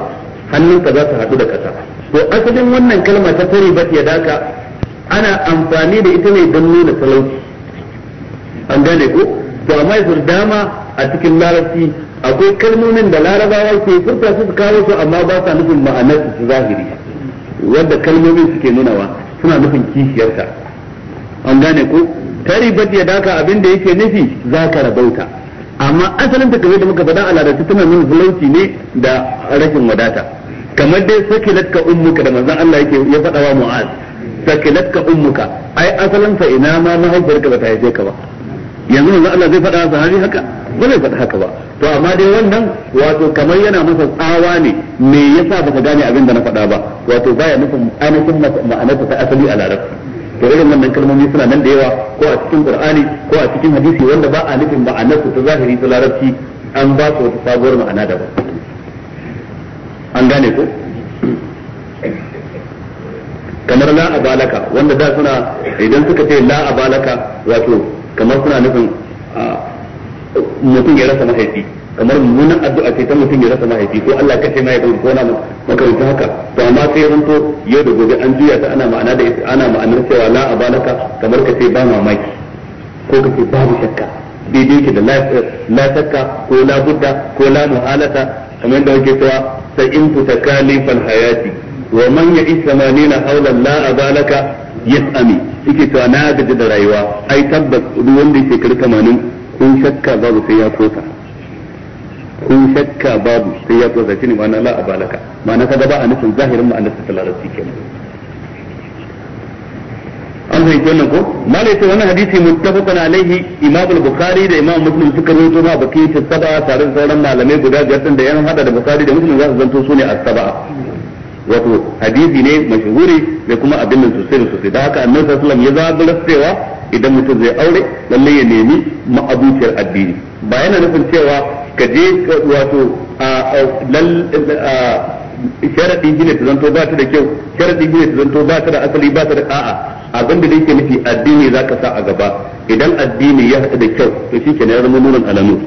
hannunka za su haɗu da ƙasa to asalin wannan kalma ta taribat yadaka ana amfani da ita ne don nuna talauci an gane ko to amma yanzu dama a cikin larabci akwai kalmomin da larabawa ke furta su kawo su amma ba sa nufin ma'anar su zahiri wanda kalmomi suke nunawa suna nufin kishiyarta an gane ko taribat ya daka abin da yake nufi za ka rabauta amma asalin ta kamar da muka faɗa a larabci tana nuna zulunci ne da rashin wadata kamar dai sakilat ka ummuka da manzon Allah yake ya faɗa wa mu'az sakilat ka ummuka ai asalin sa ina ma mahaifiyarka ba ta haife ka ba yanzu manzon Allah zai faɗa sahabi haka ba zai faɗa haka ba to amma dai wannan wato kamar yana masa tsawa ne me yasa baka gane abin da na faɗa ba wato baya nufin ainihin ma'anarsa ta asali a larabci to irin wannan kalmomi suna nan da yawa ko a cikin qur'ani ko a cikin hadisi wanda ba a nufin ma'anarsa ta zahiri ta larabci an ba su wata sabuwar ma'ana daban an gane ko kamar la abalaka wanda da suna idan suka ce la abalaka wato kamar suna nufin ah, mutum ya rasa mahaifi kamar mummunan addu'a ce ta mutum ya rasa mahaifi ko Allah kace mai da ko na makaranta haka to amma sai ya zanto yau da gobe an juya ta ana ma'ana da ana ma'anar cewa la abalaka kamar kace ba mamaki ko kace babu shakka daidai ke da la shakka ko la budda ko la muhalata kamar da wake cewa sai in tutakalifal hayati wa man ya'ish 80 hawla la abalaka yas'ami yake cewa na gaji da rayuwa ai tabbas wanda yake shekaru 80 kun shakka babu sai ya kosa kun shakka babu sai ya kosa shine ma'ana la abalaka ma'ana kaga ba a nufin zahirin ma'anar ta larabci kenan an zai nan ko mala sai wannan hadisi muttafaqan alaihi imam al-bukhari da imam muslim suka rawaito ma baki ta saba tare da sauran malamai guda biyar din da yan hada da bukhari da muslim za su zanto su ne a saba wato hadisi ne mashhuri da kuma abin nan sosai da sosai da haka annabi sallallahu alaihi wasallam ya zaburar cewa idan mutum zai aure lallai ya nemi ma'abuciyar addini ba yana nufin cewa ka je wato sharaɗin gine ta zanto ba ta da kyau sharaɗin gine ta zanto ba ta da asali ba ta da a'a abin da yake nufi addini za ka sa a gaba idan addini ya haɗu da kyau to shi kenan ya zama nunan alamu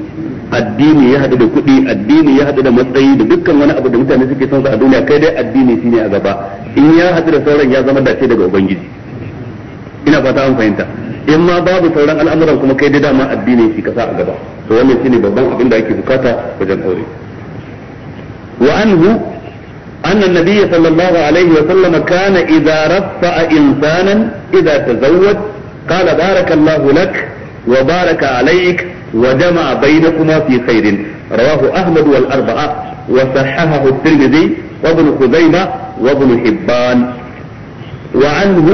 addini ya haɗu da kuɗi addini ya haɗu da matsayi da dukkan wani abu da mutane suke son sa a duniya kai dai addini shine a gaba in ya haɗu da sauran ya zama dace daga ubangiji ina fata an fahimta in ma babu sauran al'amuran kuma kai dai dama addinin shi ka sa a gaba to wannan shine babban abin da ake bukata wajen aure wa anhu أن النبي صلى الله عليه وسلم كان إذا رفع إنسانا إذا تزوج قال بارك الله لك وبارك عليك وجمع بينكما في خير رواه أحمد والأربعة وصححه الترمذي وابن خزيمة وابن حبان وعنه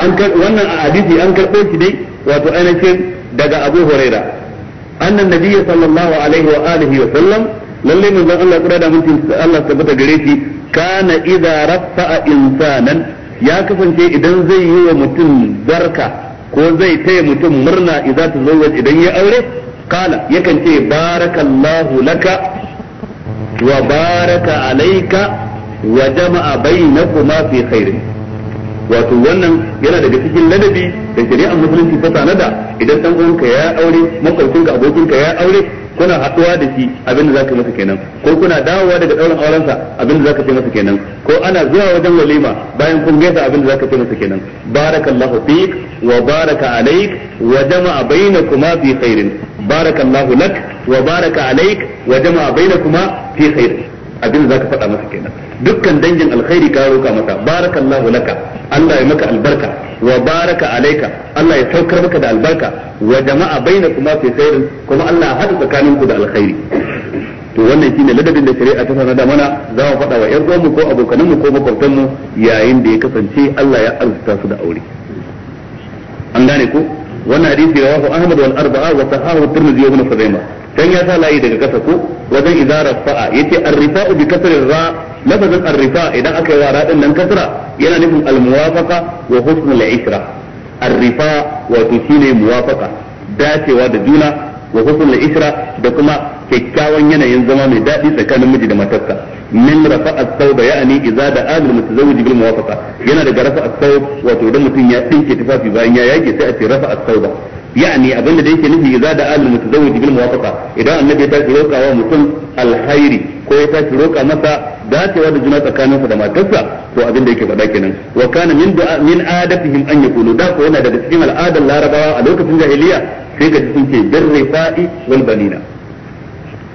wannan a hadisi an karɓo shi dai wato ainihin daga Abu Huraira annan nabiyyi sallallahu alaihi wa alihi wa sallam lalle mun zan Allah kura da mutum Allah tabbata gare shi kana idza rafa'a insanan ya kasance idan zai yi wa mutum barka ko zai taya mutum murna idza tazawwaj idan ya aure kala yakan ce barakallahu laka wa baraka alaika wa jama'a bainakuma fi khairin wato wannan yana daga cikin ladabi da shari'ar musulunci ta tanada idan dan uwanka ya aure abokin abokinka ya aure kuna haɗuwa da shi abin da zaka masa kenan ko kuna dawowa daga ɗaurin aurensa abin da zaka ce masa kenan ko ana zuwa wajen walima bayan kun gaisa abin da zaka ce masa kenan barakallahu fik wa baraka alaik wa jama'a bainakuma fi khairin barakallahu lak wa baraka alaik wa jama'a bainakuma fi khairin abin da zaka faɗa masa kenan dukkan dangin alkhairi ka roka masa barakallahu laka Allah ya maka albarka wa baraka alaika Allah ya saukar maka da albarka wa jama'a bainakuma fi khairin kuma Allah ya hada tsakaninku da alkhairi to wannan shine ladabin da shari'a ta sanar da mana za mu faɗa wa ƴan uwanmu ko abokananmu ko makwabtanmu yayin da ya kasance Allah ya arzuta su da aure an gane ko wannan hadisi rawahu Ahmad wal arba'a wa sahahu Tirmidhi wa Ibn Khuzaimah can ya sa layi daga kasa ko wajen idza fa'a yace ar-rifa'u bi kasrin ra lafazin ar-rifa' idan aka yi wa radin nan kasra yana nufin al-muwafaqa wa husnul ishra ar-rifa' wato shine muwafaqa dacewa da juna wa husnul ishra da kuma kyakkyawan yanayin zama mai daɗi tsakanin miji da matarsa min rafa asau da ya'ani idza da amil mutazawwij bil muwafaqa yana daga rafa asau wato idan mutum ya dinke tufafi bayan ya yake sai a ce rafa'a sauba يعني أبن da yake nufi idza da al mutazawwij bil muwafaqa idan annabi ta roka wa mutum alkhairi ko ya tashi roka masa dacewa da juna tsakaninsa da matarsa to abin da yake faɗa kenan wa kana min min adatihim an yaqulu da ko yana daga cikin al'adar larabawa a lokacin jahiliya sai ka sun ce bir rifa'i wal banina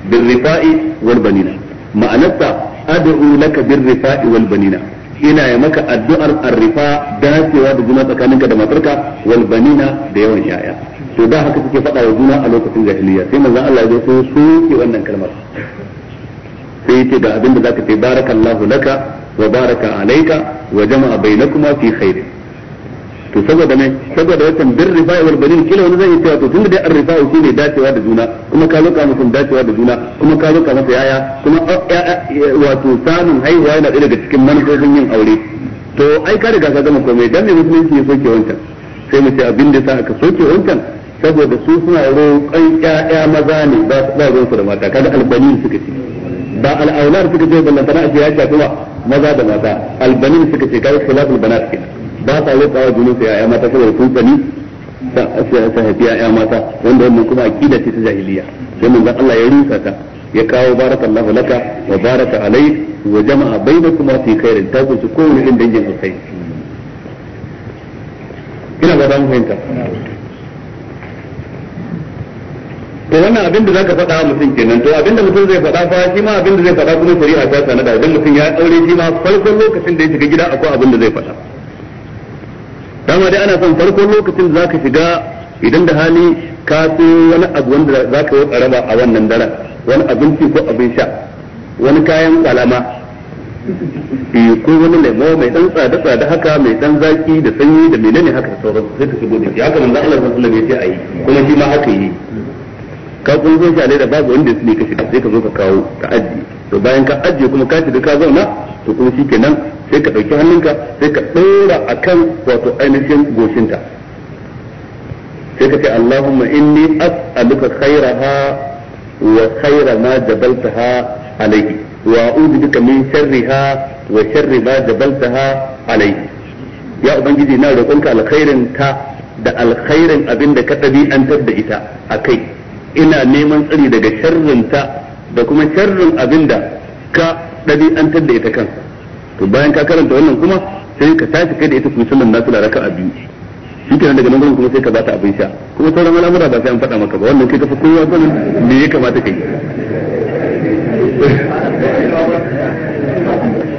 bir rifa'i wal banina ma'anarsa ad'u laka bir ina yi maka addu'ar arrifa dacewa da juna tsakaninka da matarka wal banina da yawan yaya to da haka suke faɗa wa juna a lokacin jahiliya sai manzon Allah ya so soke wannan kalmar sai yake da abin da zaka ce barakallahu laka wa baraka alayka wa jama'a bainakuma fi khairin to saboda mai saboda wancan bir rifa'i wal banin kila wani zai cewa to tunda dai ar rifa'u shine dacewa da juna kuma ka roka mutum dacewa da juna kuma ka roka masa yaya kuma eh, eh, eh, wato samun haihuwa yana ɗaya daga cikin manufofin yin aure to ai ka riga ka gama komai dan ne musulunci ya soke wancan sai mu ce abin da sa aka soke wancan saboda su suna roƙon ƴaƴa maza ne ba ba ruwan su da mata kaga albanin suka ce ba al'aular suka ce ballantana a ce ya shafi maza da mata albanin suka ce kaga khilaful banat kenan ba sa rika wa junansu ya'ya mata saboda sun sani sa haifi ya'ya mata wanda wannan kuma akida ce ta jahiliya sai ga Allah ya rusa ta ya kawo barakallahu laka wa baraka alai wa jama'a bainakum fi khairin ta kunshi kowane irin dangin alkhairi ina ga dan mu fahimta to wannan abin da zaka faɗa mutum kenan to abin da mutum zai faɗa fa shi ma abin da zai faɗa kuma shari'a ta sanada idan mutum ya aure shi ma farkon lokacin da ya shiga gida akwai abin da zai faɗa dama dai ana son farkon lokacin da ka shiga idan da hali ka sayo wani abu wanda ka yi raba a wannan daren wani abinci ko abin sha wani kayan kwalama eh ko wani lemo mai dan tsada tsada haka mai dan zaki da sanyi da menene haka sauran sai ka shigo da shi haka manzo Allah sallallahu alaihi wasallam ya ce ayi kuma shi ma haka yi ka zo shi a leda babu wanda ya sani ka shiga sai ka zo ka kawo ka ajiye to bayan ka ajiye kuma ka shiga ka zauna to kuma shikenan sai ka ɗauki hannunka sai ka ɗora akan wato ainihin goshinta sai ka ce Allahumma inni as'aluka khairaha wa khaira ma jabaltaha alayhi wa a'udhu bika min sharriha wa sharri ma jabaltaha alayhi ya ubangiji na roƙonka alkhairin ta da alkhairin abin da ka ɗabi'antar da ita a kai ina neman tsari daga sharrin ta da kuma sharrin abinda ka ɗabi'antar da ita kansa to bayan ka karanta wannan kuma sai ka tashi kai da ita kuma sallan nasu da raka'a biyu shi kenan daga nan kuma sai ka bata abin sha kuma sauran al'amura ba sai an faɗa maka ba wannan kai ka fi kowa sanin me ya kamata kai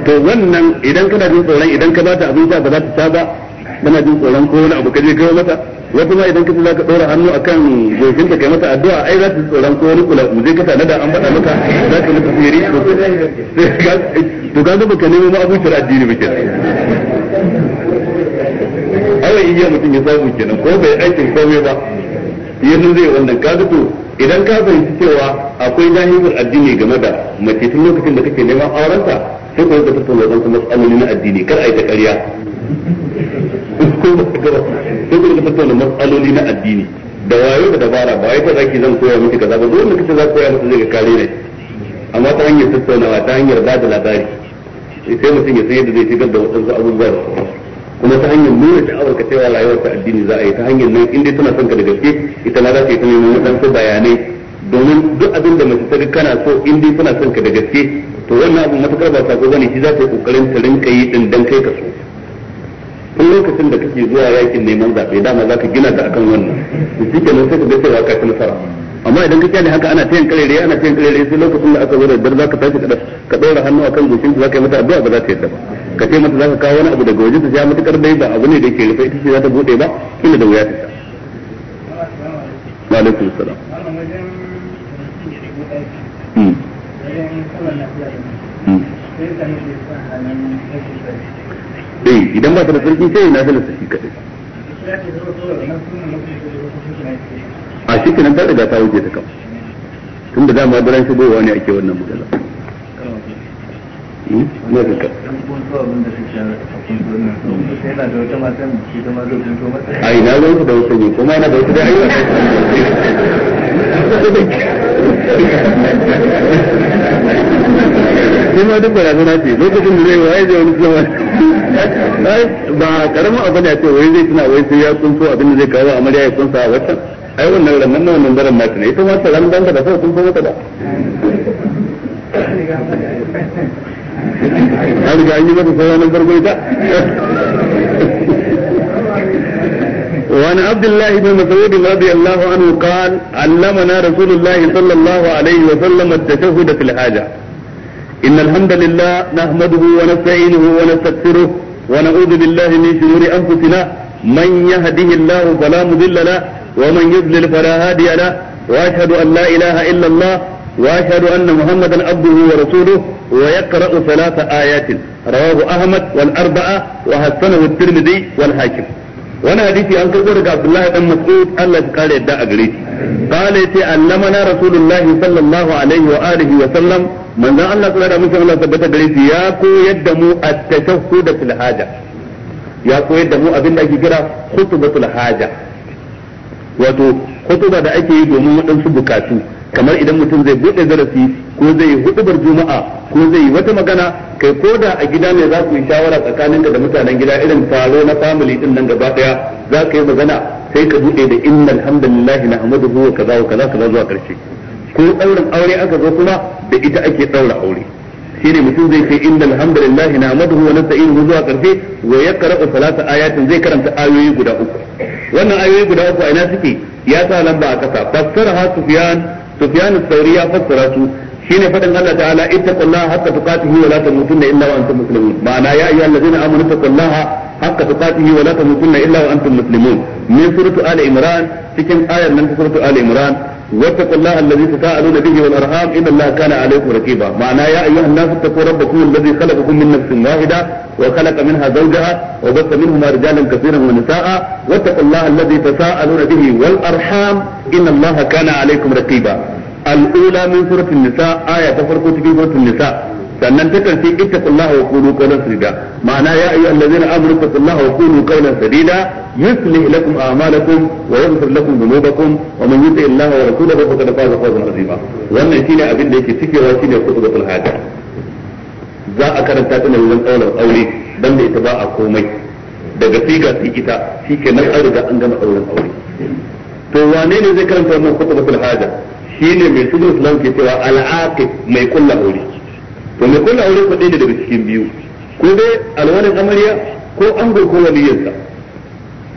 to wannan idan kana jin tsoron idan ka bata abin sha ba za ta sha ba kana jin tsoron ko wani abu ka je kai mata wata kuma idan kace zaka dora hannu akan goshin ka kai mata addu'a ai za ta tsoron ko wani kula mu je ka da an faɗa maka za ka mutu sirri to kaga baka nemo ma abucin addini ba kenan awai iya mutum ya samu kenan ko bai aikin kome ba yanzu zai wannan kaga to idan ka fahimci cewa akwai jahilin addini game da mace tun lokacin da kake neman aurenta sai ko da tattauna wasu matsaloli na addini kar a yi ta ƙarya sai kuma rika tattauna matsaloli na addini da wayo da dabara ba wai zaki zan koya miki kaza ba dole kace za koya miki zai ga kare ne amma ta hanyar tattaunawa ta hanyar ba da labari sai mutum ya san yadda zai shigar da wadansu abubuwa kuma ta hanyar nuna sha'awar ka cewa rayuwar ta addini za a yi ta hanyar nan inda tana son ka da gaske ita na za ta yi ta neman wadansu bayanai domin duk abin da mace ta ga kana so in dai tana son ka da gaske to wannan abu matakar ba sako bane shi za ta yi kokarin ta rinka yi din dan kai ka so tun lokacin da kake zuwa yakin neman zaɓe dama za ka gina da akan wannan da shi ke sai ka ga cewa ka ci nasara amma idan kake ne haka ana tayin karere ana tayin karere sai lokacin da aka zo da dar za ka tashi ka ɗora hannu akan gushin za ka yi mata addu'a ba za ta yadda ba ka ce mata za ka kawo wani abu daga waje ta sha matukar dai ba abu ne da yake rufe ita ce za ta buɗe ba kila da wuya ta sha. Wa alaikum Hmm. Hmm eh idan ba ta da sarki sai na filasta sarki kadai a shi nan ta riga ta wuce ta kam tun da dama shi bai wani ake wannan magana hmm? na ina da wasu ne kuma da wasu ne ma duk barazana ce lokacin da zai waye zai wani sama ba karamin abu ne a ce wai zai tuna wai sai ya kunso abin da zai kawo amarya ya kunsa a watan ai wannan rannan na wannan daren nata ne ita ma ta ran danka da sai kunso mata da an riga an yi mata sauran nan farko ita وعن عبد الله بن مسعود رضي الله عنه قال علمنا رسول الله صلى الله عليه وسلم التشهد في الحاجه إن الحمد لله نحمده ونستعينه ونستغفره ونعوذ بالله من شرور أنفسنا من يهده الله فلا مضل له ومن يضلل فلا هادي له وأشهد أن لا إله إلا الله وأشهد أن محمدا عبده ورسوله ويقرأ ثلاث آيات رواه أحمد والأربعة وحسنه الترمذي والحاكم wani hadisi an karɓo daga Abdullah dan Mas'ud Allah ya kare yadda a gare shi qala sai allamana rasulullah sallallahu alaihi wa alihi wa sallam manzon Allah sallallahu alaihi wa sallam Allah tabbata gare shi ya koyar da mu at-tashahhud fil haja ya koyar da mu abin da ake kira khutbatul haja wato khutba da ake yi domin waɗansu bukatu kamar idan mutum zai buɗe darasi ko zai hudubar juma'a ko zai yi wata magana kai ko da a gida ne za ku yi shawara tsakaninka da mutanen gida irin taro na family din nan gaba daya za ka yi magana sai ka buɗe da inna na amadu huwa kaza wa kaza kaza zuwa karshe ko ɗaurin aure aka zo kuma da ita ake ɗaura aure shine mutum zai kai inna alhamdulillahi nahmaduhu wa nasta'inuhu zuwa karshe wa yaqra'u salata ayatin zai karanta ayoyi guda uku wannan ayoyi guda uku a ina suke ya sa lamba a kasa fassara ha sufyan sufyan sauri ya fassara su shine fadin Allah ta'ala ittaqullaha haqqa tuqatihi wa la tamutunna illa wa antum muslimun ma'ana ya ayyuhallazina amanu ittaqullaha haqqa tuqatihi wa la tamutunna illa wa antum muslimun min suratu ali imran cikin ayar nan suratu ali imran واتقوا الله الذي تساءلون به والارحام ان الله كان عليكم رقيبا معناه يا ايها الناس اتقوا ربكم الذي خلقكم من نفس واحده وخلق منها زوجها وبث منهما رجالا كثيرا ونساء واتقوا الله الذي تساءلون به والارحام ان الله كان عليكم رقيبا الاولى من سوره النساء ايه تفرقوا في سوره النساء sannan ta kan ce ittaqullaha wa qulu qawlan sadida ma'ana ya ayyuhal ladzina amanu ittaqullaha wa qulu qawlan sadida yuslih lakum a'malakum wa yaghfir lakum dhunubakum wa man yuti illaha wa rasulahu faqad faza fawzan azima wannan shine abin da yake cikewa shine khutbatul hajj za a karanta ta ne wajen tsaular aure dan da ita ba a komai daga siga sai ita shikenan an riga an gama tsaular aure to wane ne zai karanta wannan khutbatul hajj shine mai sujud islam ke cewa al-aqib mai kullu aure to mai kulla aure ko ɗaya daga cikin biyu ko dai alwalin amarya ko ango ko waliyarsa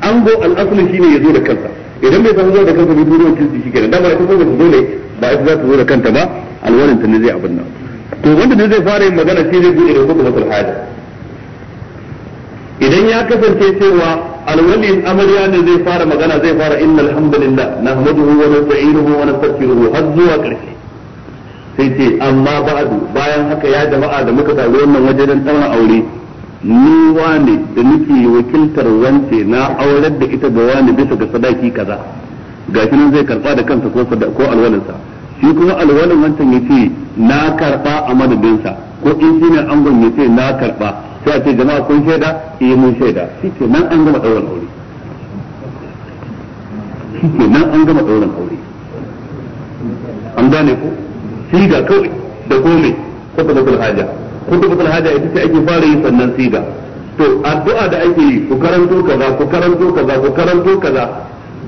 ango al'asulu shine ya zo da kansa idan bai san zuwa da kansa bai turo cikin shi kenan dama ita ko ba ta zo ba ita za ta zo da kanta ba alwalin ta ne zai abin nan to wanda ne zai fara yin magana shi zai buɗe da hukumar masul hada idan ya kasance cewa alwalin amarya ne zai fara magana zai fara innal hamdalillah nahmaduhu wa nasta'inuhu wa nastaghfiruhu har zuwa ƙarshe sai ce amma ba'du bayan haka ya jama'a da muka taru wannan waje don tsawon aure ni wane da nake wakiltar wance na aurar da ita ga wani bisa ga sadaki kaza shi nan zai karba da kansa ko ko alwalinsa shi kuma alwalin wancan ya ce na karba a madadinsa ko in shine angon ya ce na karba sai a ce jama'a kun shaida eh mun shaida shi ke nan an gama ɗaurin aure shi nan an gama ɗaurin aure an gane ko siga kawai da gome kutubatul haja kutubatul haja ita ce ake fara yi sannan siga to addu'a da ake yi ku karanto kaza ku karanto kaza ku karanto kaza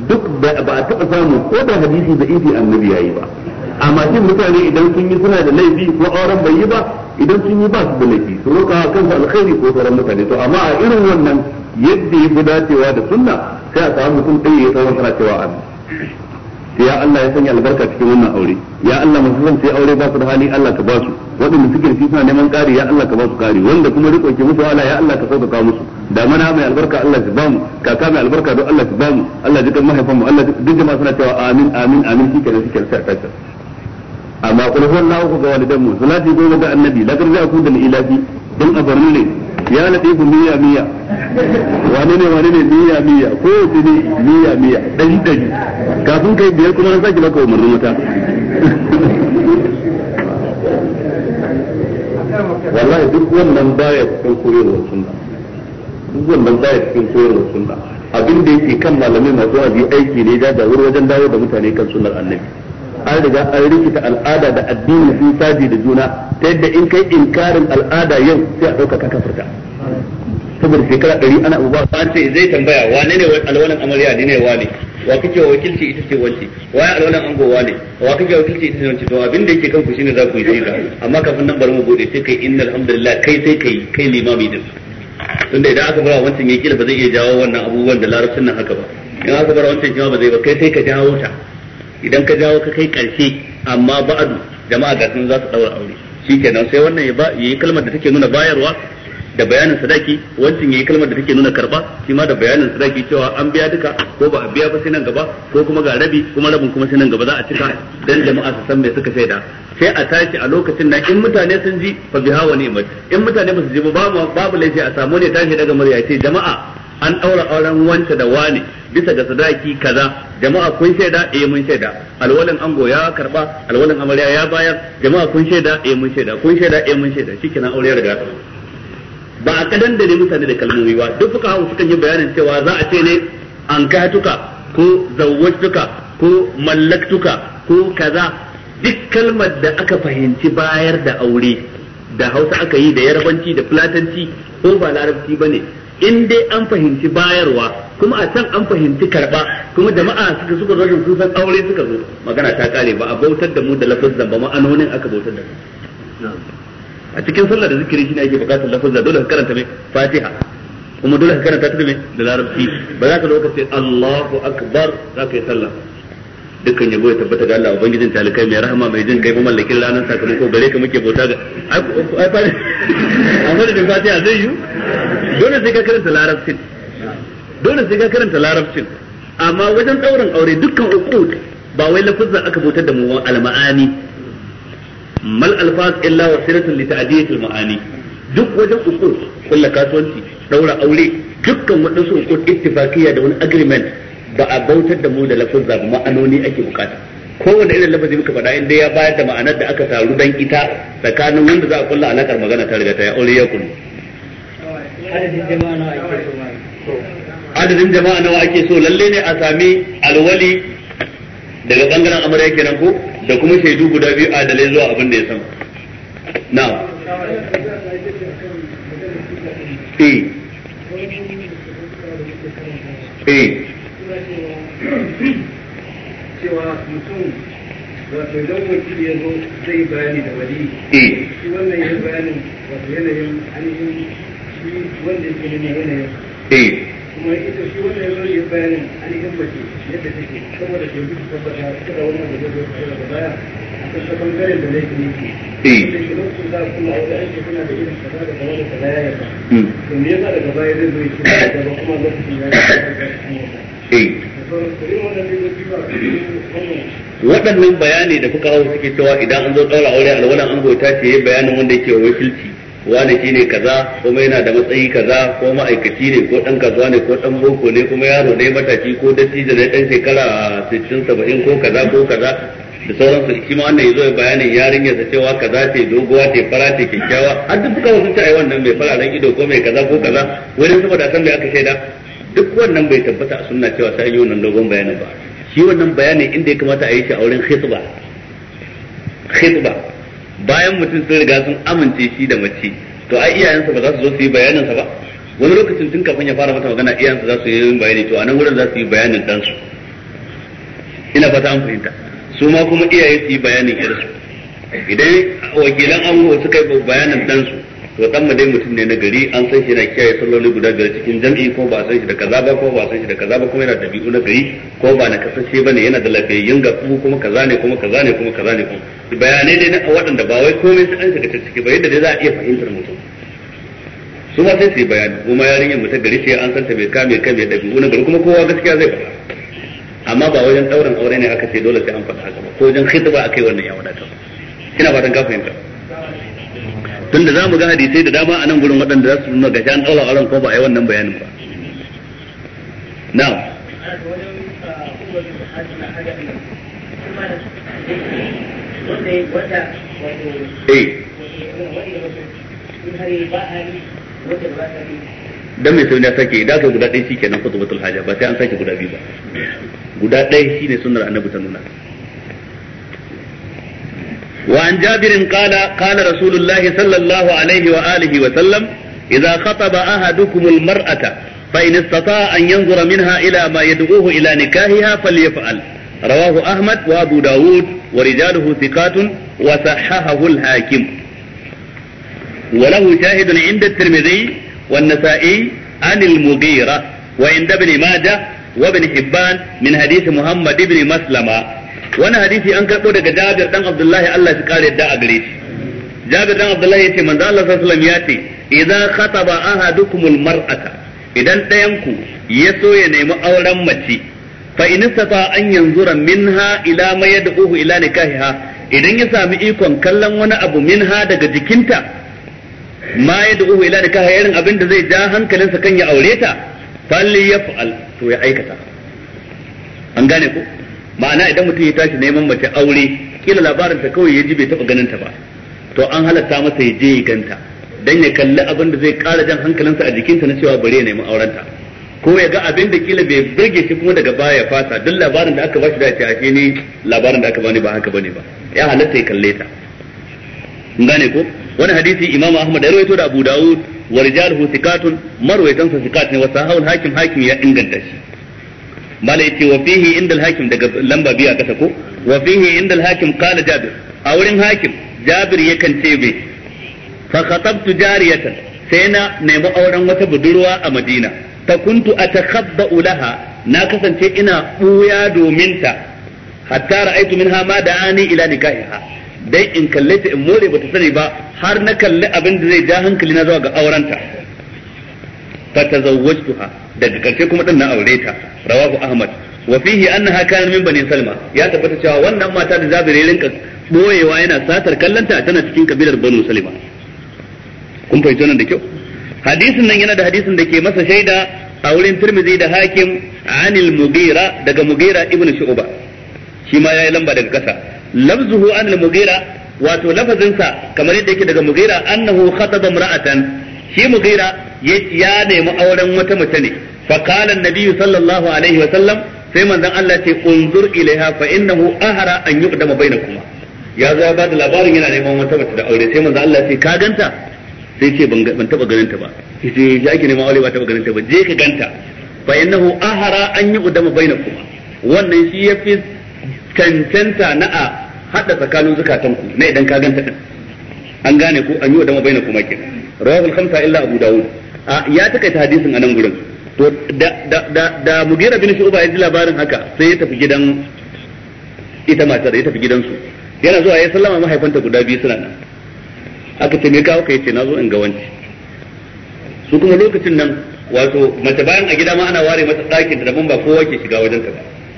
duk ba a taba samu ko da hadisi da idi annabi yayi ba amma shin mutane idan sun yi suna da laifi ko auren bai yi ba idan sun yi ba su da laifi su roƙa kansu alkhairi ko sauran mutane to amma a irin wannan yadda ya fi dacewa da sunna sai a samu mutum ɗaya ya sauran sana cewa sai ya Allah ya sanya albarka cikin wannan aure ya Allah masu son sai aure ba su da hali Allah ka ba su waɗanda suke da suna neman kari ya Allah ka ba su kari wanda kuma riko ke musu wala ya Allah ka sauƙaƙa musu da mana mai albarka Allah ya ba mu kaka mai albarka don Allah ya ba mu Allah ya kan mahaifan mu Allah duk jama'a suna cewa amin amin amin shi kenan shi kenan sai a amma kul huwallahu ku ga walidan mu salati goma ga annabi lakar za ku da ilafi dan abarni ne ya latifu miya miya wane ne wane ne miya miya ko ne miya miya dan dan kafin kai biyar kuma na sake baka umarnin wuta wallahi duk wannan baya cikin koyarwar sunna duk wannan baya cikin koyarwar sunna abin da yake kan malamai masu wazi aiki ne da dawur wajen dawo da mutane kan sunnar annabi an riga an rikita al'ada da addini sun saji da juna ta yadda in kai inkarin al'ada yau sai a ɗauka ka kafirta saboda shekara ɗari ana abubuwa ba sai zai tambaya wane ne alwalan amarya ne ne wane wa kake wa wakilci ita ce wance wa ya alwalan angowa ne wa kake wakilci ita ce wance to abin da yake kanku shine za ku yi shaida amma kafin nan bari mu bude sai kai innal hamdulillah kai sai kai kai limami din tunda idan aka bar wancan yake kila ba zai iya jawo wannan abubuwan da larabcin nan haka ba idan aka bar wancan jawo ba zai ba kai sai ka jawo ta idan ka jawo ka kai karshe amma ba'adu jama'a ga sun za su daura aure shikenan sai wannan ya ba yi kalmar da take nuna bayarwa da bayanin sadaki wancan yayi kalmar da take nuna karba shi ma da bayanin sadaki cewa an biya duka ko ba a biya ba sai nan gaba ko kuma ga rabi kuma rabin kuma sai nan gaba za a cika dan jama'a su san me suka shaida sai a tashi a lokacin nan in mutane sun ji fa biha wa ni'mat in mutane ba su ji ba babu laifi a samu ne tashi daga murya ce jama'a an daura auren wanta da wani bisa ga sadaki kaza jama'a kun shaida eh mun shaida alwalin ango ya karba alwalin amarya ya bayar jama'a kun shaida eh mun shaida kun shaida eh mun shaida shikenan aure ya riga ba a kadan da ne mutane da kalmomi ba duk fuka hawa sukan yi bayanin cewa za a ce ne an kahatuka ko zawwatuka ko mallaktuka ko kaza duk kalmar da aka fahimci bayar da aure da hausa aka yi da yarbanci da fulatanci ko ba larabci ba ne in dai an fahimci bayarwa kuma a can an fahimci karba kuma jama'a suka suka zo sun san aure suka zo magana ta kare ba a bautar da mu da lafazan ba ma'anonin aka bautar da su. a cikin sallah da zikiri shine ake bukatar lafazza dole ka karanta mai fatiha kuma dole ka karanta ta da mai da larabci ba za ka zo ka ce Allahu akbar za ka yi sallah dukkan yabo ya tabbata ga Allah ubangijin talikai mai rahama mai jin kai kuma mallakin ranar sakamako gare ka muke bauta ga ai fa amma da fatiha zai yi dole sai ka karanta Larabci dole sai ka karanta Larabci amma wajen daurin aure dukkan uku ba wai lafazan aka bautar da mu al-ma'ani mal alfaz illa wasilatun li ta'diyat al ma'ani duk wajen uku kullu kasuwanci daura aure dukkan wadansu uku ittifaqiya da wani agreement ba a bautar da mu da lafazza ba ma'anoni ake bukata kowanne irin lafazi muka faɗa inda ya bayar da ma'anar da aka taru dan ita tsakanin wanda za a kulla alakar magana ta riga ta ya aure ya kullu adadin jama'a nawa ake so lalle ne a sami alwali daga bangaren amarya kenan ko da kuma shaidu guda biyu adalai zuwa abin da ya sama na eh eh cewa mutum wato idan wakil ya zo zai bayani da wali eh. shi wannan bayanin wato yanayin ainihin shi wanda yanayin eh. kuma ita shi wannan ya yadda take saboda ke tabbata kada wannan da zai zo daga baya a kan ta bangaren da laifin yake eh. da shi za kuma aiki kuna da irin kaza da kaza da kaza ya hmm. to me yasa daga baya zai zo ya ce da gaba kuma ya cikin eh. waɗannan bayani da kuka hau suke cewa idan an zo ɗaura aure alwalan an goyi ta ce bayanin wanda yake wakilci wani shine kaza kuma yana da matsayi kaza ko ma'aikaci ne ko dan kasuwa ne ko dan boko ne kuma yaro ne matashi ko dattijo ne dan shekara 60 saba'in ko kaza ko kaza da sauransu shi ma wannan yazo bayanin yarinya ta cewa kaza ce doguwa ce fara ce kikkiawa har duk kawai sun ce ai wannan mai fararen ido ko mai kaza ko kaza wani saboda san mai aka shaida duk wannan bai tabbata a sunna cewa sai an yi wannan dogon bayanin ba shi wannan bayanin inda ya kamata a yi shi a wurin khitba khitba bayan mutum sun riga sun amince shi da mace to ai iyayensa ba za su zo su yi bayanin ba wani lokacin tun kafin ya fara mata magana iyayensa za su yi bayani to a nan wurin za su yi bayanin ɗansu ina fata an fahimta su ma kuma iyaye su yi bayanin irsu idan wakilan ango suka yi bayanin dansu. to dan dai mutum ne na gari an san shi yana kiyaye salloli guda biyar cikin jam'i ko ba a san shi da kaza ba ko ba a san shi da kaza ba kuma yana dabi'u na gari ko ba na kasance bane yana da lafiyayyen ga kuma kuma kaza ne kuma kaza ne kuma kaza ne kuma bayanai dai na waɗanda ba wai komai sai an shiga ciki ba yadda dai za a iya fahimtar mutum su ma sai su yi bayani kuma yarinyar mu ta gari sai an san ta bai kame kai mai dabi'u na gari kuma kowa gaskiya zai faɗa amma ba wajen ɗaurin aure ne aka ce dole sai an faɗa haka ba ko wajen khitba akai wannan ya wadatar ina fatan ka fahimta tunda za mu ga hadisai da dama a nan gurin waɗanda za su nuna ga shan ɗaura auren ko ba a yi wannan bayanin ba na'am eh. dan mai sauna sake idan aka guda ɗaya shikenan kutubatul haja ba sai an sake guda biyu ba guda ɗaya shine sunnar annabi ta nuna وعن جابر قال قال رسول الله صلى الله عليه وآله وسلم إذا خطب أحدكم المرأة فإن استطاع أن ينظر منها إلى ما يدعوه إلى نكاهها فليفعل رواه أحمد وأبو داود ورجاله ثقات وصححه الحاكم وله شاهد عند الترمذي والنسائي عن المغيرة وعند ابن ماجه وابن حبان من حديث محمد بن مسلمة wani hadisi an karɓo daga Jabir dan Abdullahi Allah shi kare yadda a gare shi Jabir dan Abdullahi yace manzo Allah sallallahu alaihi wasallam yace idza khataba ahadukumul mar'ata idan ɗayanku ya so ya nemi auren mace fa in yanzu an yanzura minha ila ma yad'uhu ila nikahiha idan ya sami ikon kallon wani abu minha daga jikinta ma yad'uhu ila nikahiha irin abin da zai ja hankalinsa kan ya aure ta falli to ya aikata an gane ko ma'ana idan mutum ya tashi neman mace aure kila labarin ta kawai ya ji bai taba ganin ta ba to an halatta masa ya je ya ganta dan ya kalli abin da zai kara jan hankalinsa a jikinta na cewa bare ya nemi aurenta ko ya ga abin da kila bai burge shi kuma daga baya ya fasa duk labarin da aka bashi da ce ni labarin da aka bani ba haka bane ba ya halatta ya kalle ta gane ko wani hadisi imamu ahmad ya rawaito da abu dawud wa rijaluhu thiqatun marwaytan sa thiqat ne wa sahawul hakim hakim ya inganta shi malai ce wa fihi indal hakim daga lamba biya kasa ko wa fihi indal hakim qala jabir a wurin hakim jabir yakan ce bai fa khatabtu jariyatan sai na nemi auren wata budurwa a madina ta kuntu a atakhabba laha na kasance ina buya domin ta hatta ra'aytu minha ma da'ani ila nikahiha dan in kalle in more bata sani ba har na kalli abin da zai ja hankali na zuwa ga aurenta فتزوجتها daga karshe kuma din na aure ta rawahu ahmad wa fihi annaha kana min bani salma ya tabbata cewa wannan mata da jabir ya rinka boyewa yana satar kallanta tana cikin kabilar banu salma kun fahimci nan da kyau hadisin nan yana da hadisin da ke masa shaida a wurin tirmidhi da hakim anil mugira daga mugira ibnu shu'ba shi ma yayi lamba daga kasa lafzuhu anil mugira wato lafazinsa kamar yadda yake daga mugira annahu khataba imra'atan shi gaira ya nemi auren wata mace ne fa qala annabiyyu sallallahu alaihi wa sallam sai manzon Allah ce unzur ilaiha fa innahu ahara an yuqdama bainakuma ya zo ya ba da labarin yana neman wata mace da aure sai manzon Allah ce ka ganta sai ce ban taba ganin ta ba sai ya ake neman aure ba taba ganin ta ba je ka ganta fa innahu ahara an yuqdama bainakuma wannan shi yafi cancanta na a hada tsakanin zukatanku na idan ka ganta din an gane ku an yi wa dama kuma kenan rawahul khamsa illa abu daud ya ta hadisin anan gurin to da da da mugira bin shu'ba ya ji labarin haka sai ya tafi gidan ita matar ya tafi gidansu yana zuwa ya sallama mahaifanta guda biyu suna nan aka ce me kawo kai ce nazo in ga wanci su kuma lokacin nan wato mace bayan a gida ma ana ware mata ɗakin ta ban ba kowa ke shiga wajen ta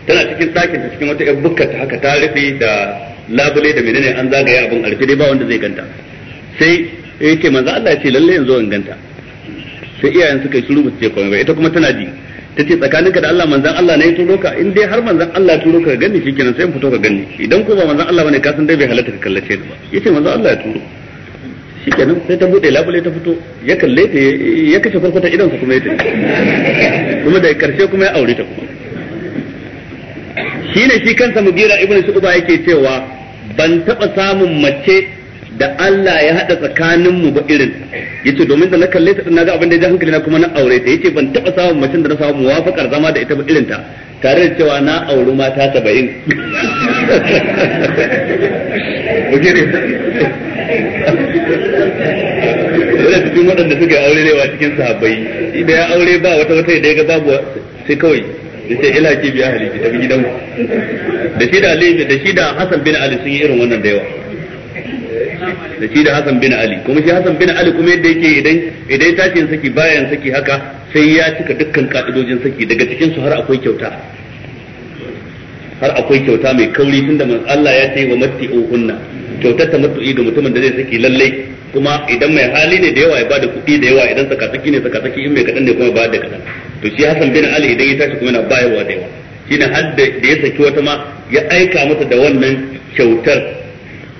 tana cikin ɗakin ta cikin wata ƴar bukkar ta haka ta rufe da labule da menene an zagaya abin alfi dai ba wanda zai ganta sai sai eh, yace manzo Allah ya ce lalle yanzu in ganta sai iyayen suka shiru ba su ce komai ba ita kuma tana ji tsakanin tsakaninka da Allah manzon Allah ne ya turo ka in dai har manzon Allah ya turo ka ka shi shikenan sai in fito ka ganni idan ko ba manzon Allah bane ka san dai bai halatta ka kallace ba ya ce manzon Allah ya turo shikenan sai ta bude labule ta fito ya kalle ta ya kace farkata idan sa kuma ya tafi kuma da karshe kuma ya aure ta kuma shine shi kansa mugira ibnu shu'ba yake cewa ban taba samun mace da Allah ya hada tsakanin mu ba irin yace domin da na kalle ta na ga abin da ya hankali na kuma na aure ta yace ban taba samun macen da na samu muwafaqar zama da ita ba irin ta tare da cewa na auri mata 70 bugire wanda cikin waɗanda suka aure rewa cikin sahabbai da ya aure ba wata wata da ya ga babu sai kawai da ce ila ki biya ta tafi gidan da shi da Ali da shi da Hassan bin Ali sun yi irin wannan da yawa da shi da Hassan bin Ali kuma shi Hassan bin Ali kuma yadda yake idan idan tashi saki bayan saki haka sai ya cika dukkan ka'idojin saki daga cikin su har akwai kyauta har akwai kyauta mai kauri tunda Allah ya ce wa uhunna kyautar ta matu'i ga mutumin da zai saki lallai kuma idan mai hali ne da yawa ya bada kuɗi da yawa idan sakatsaki ne sakatsaki in mai kaɗan ne kuma ba da kaɗan to shi Hassan bin Ali idan ya tashi kuma yana bayarwa da yawa shine har da ya saki wata ma ya aika mata da wannan kyautar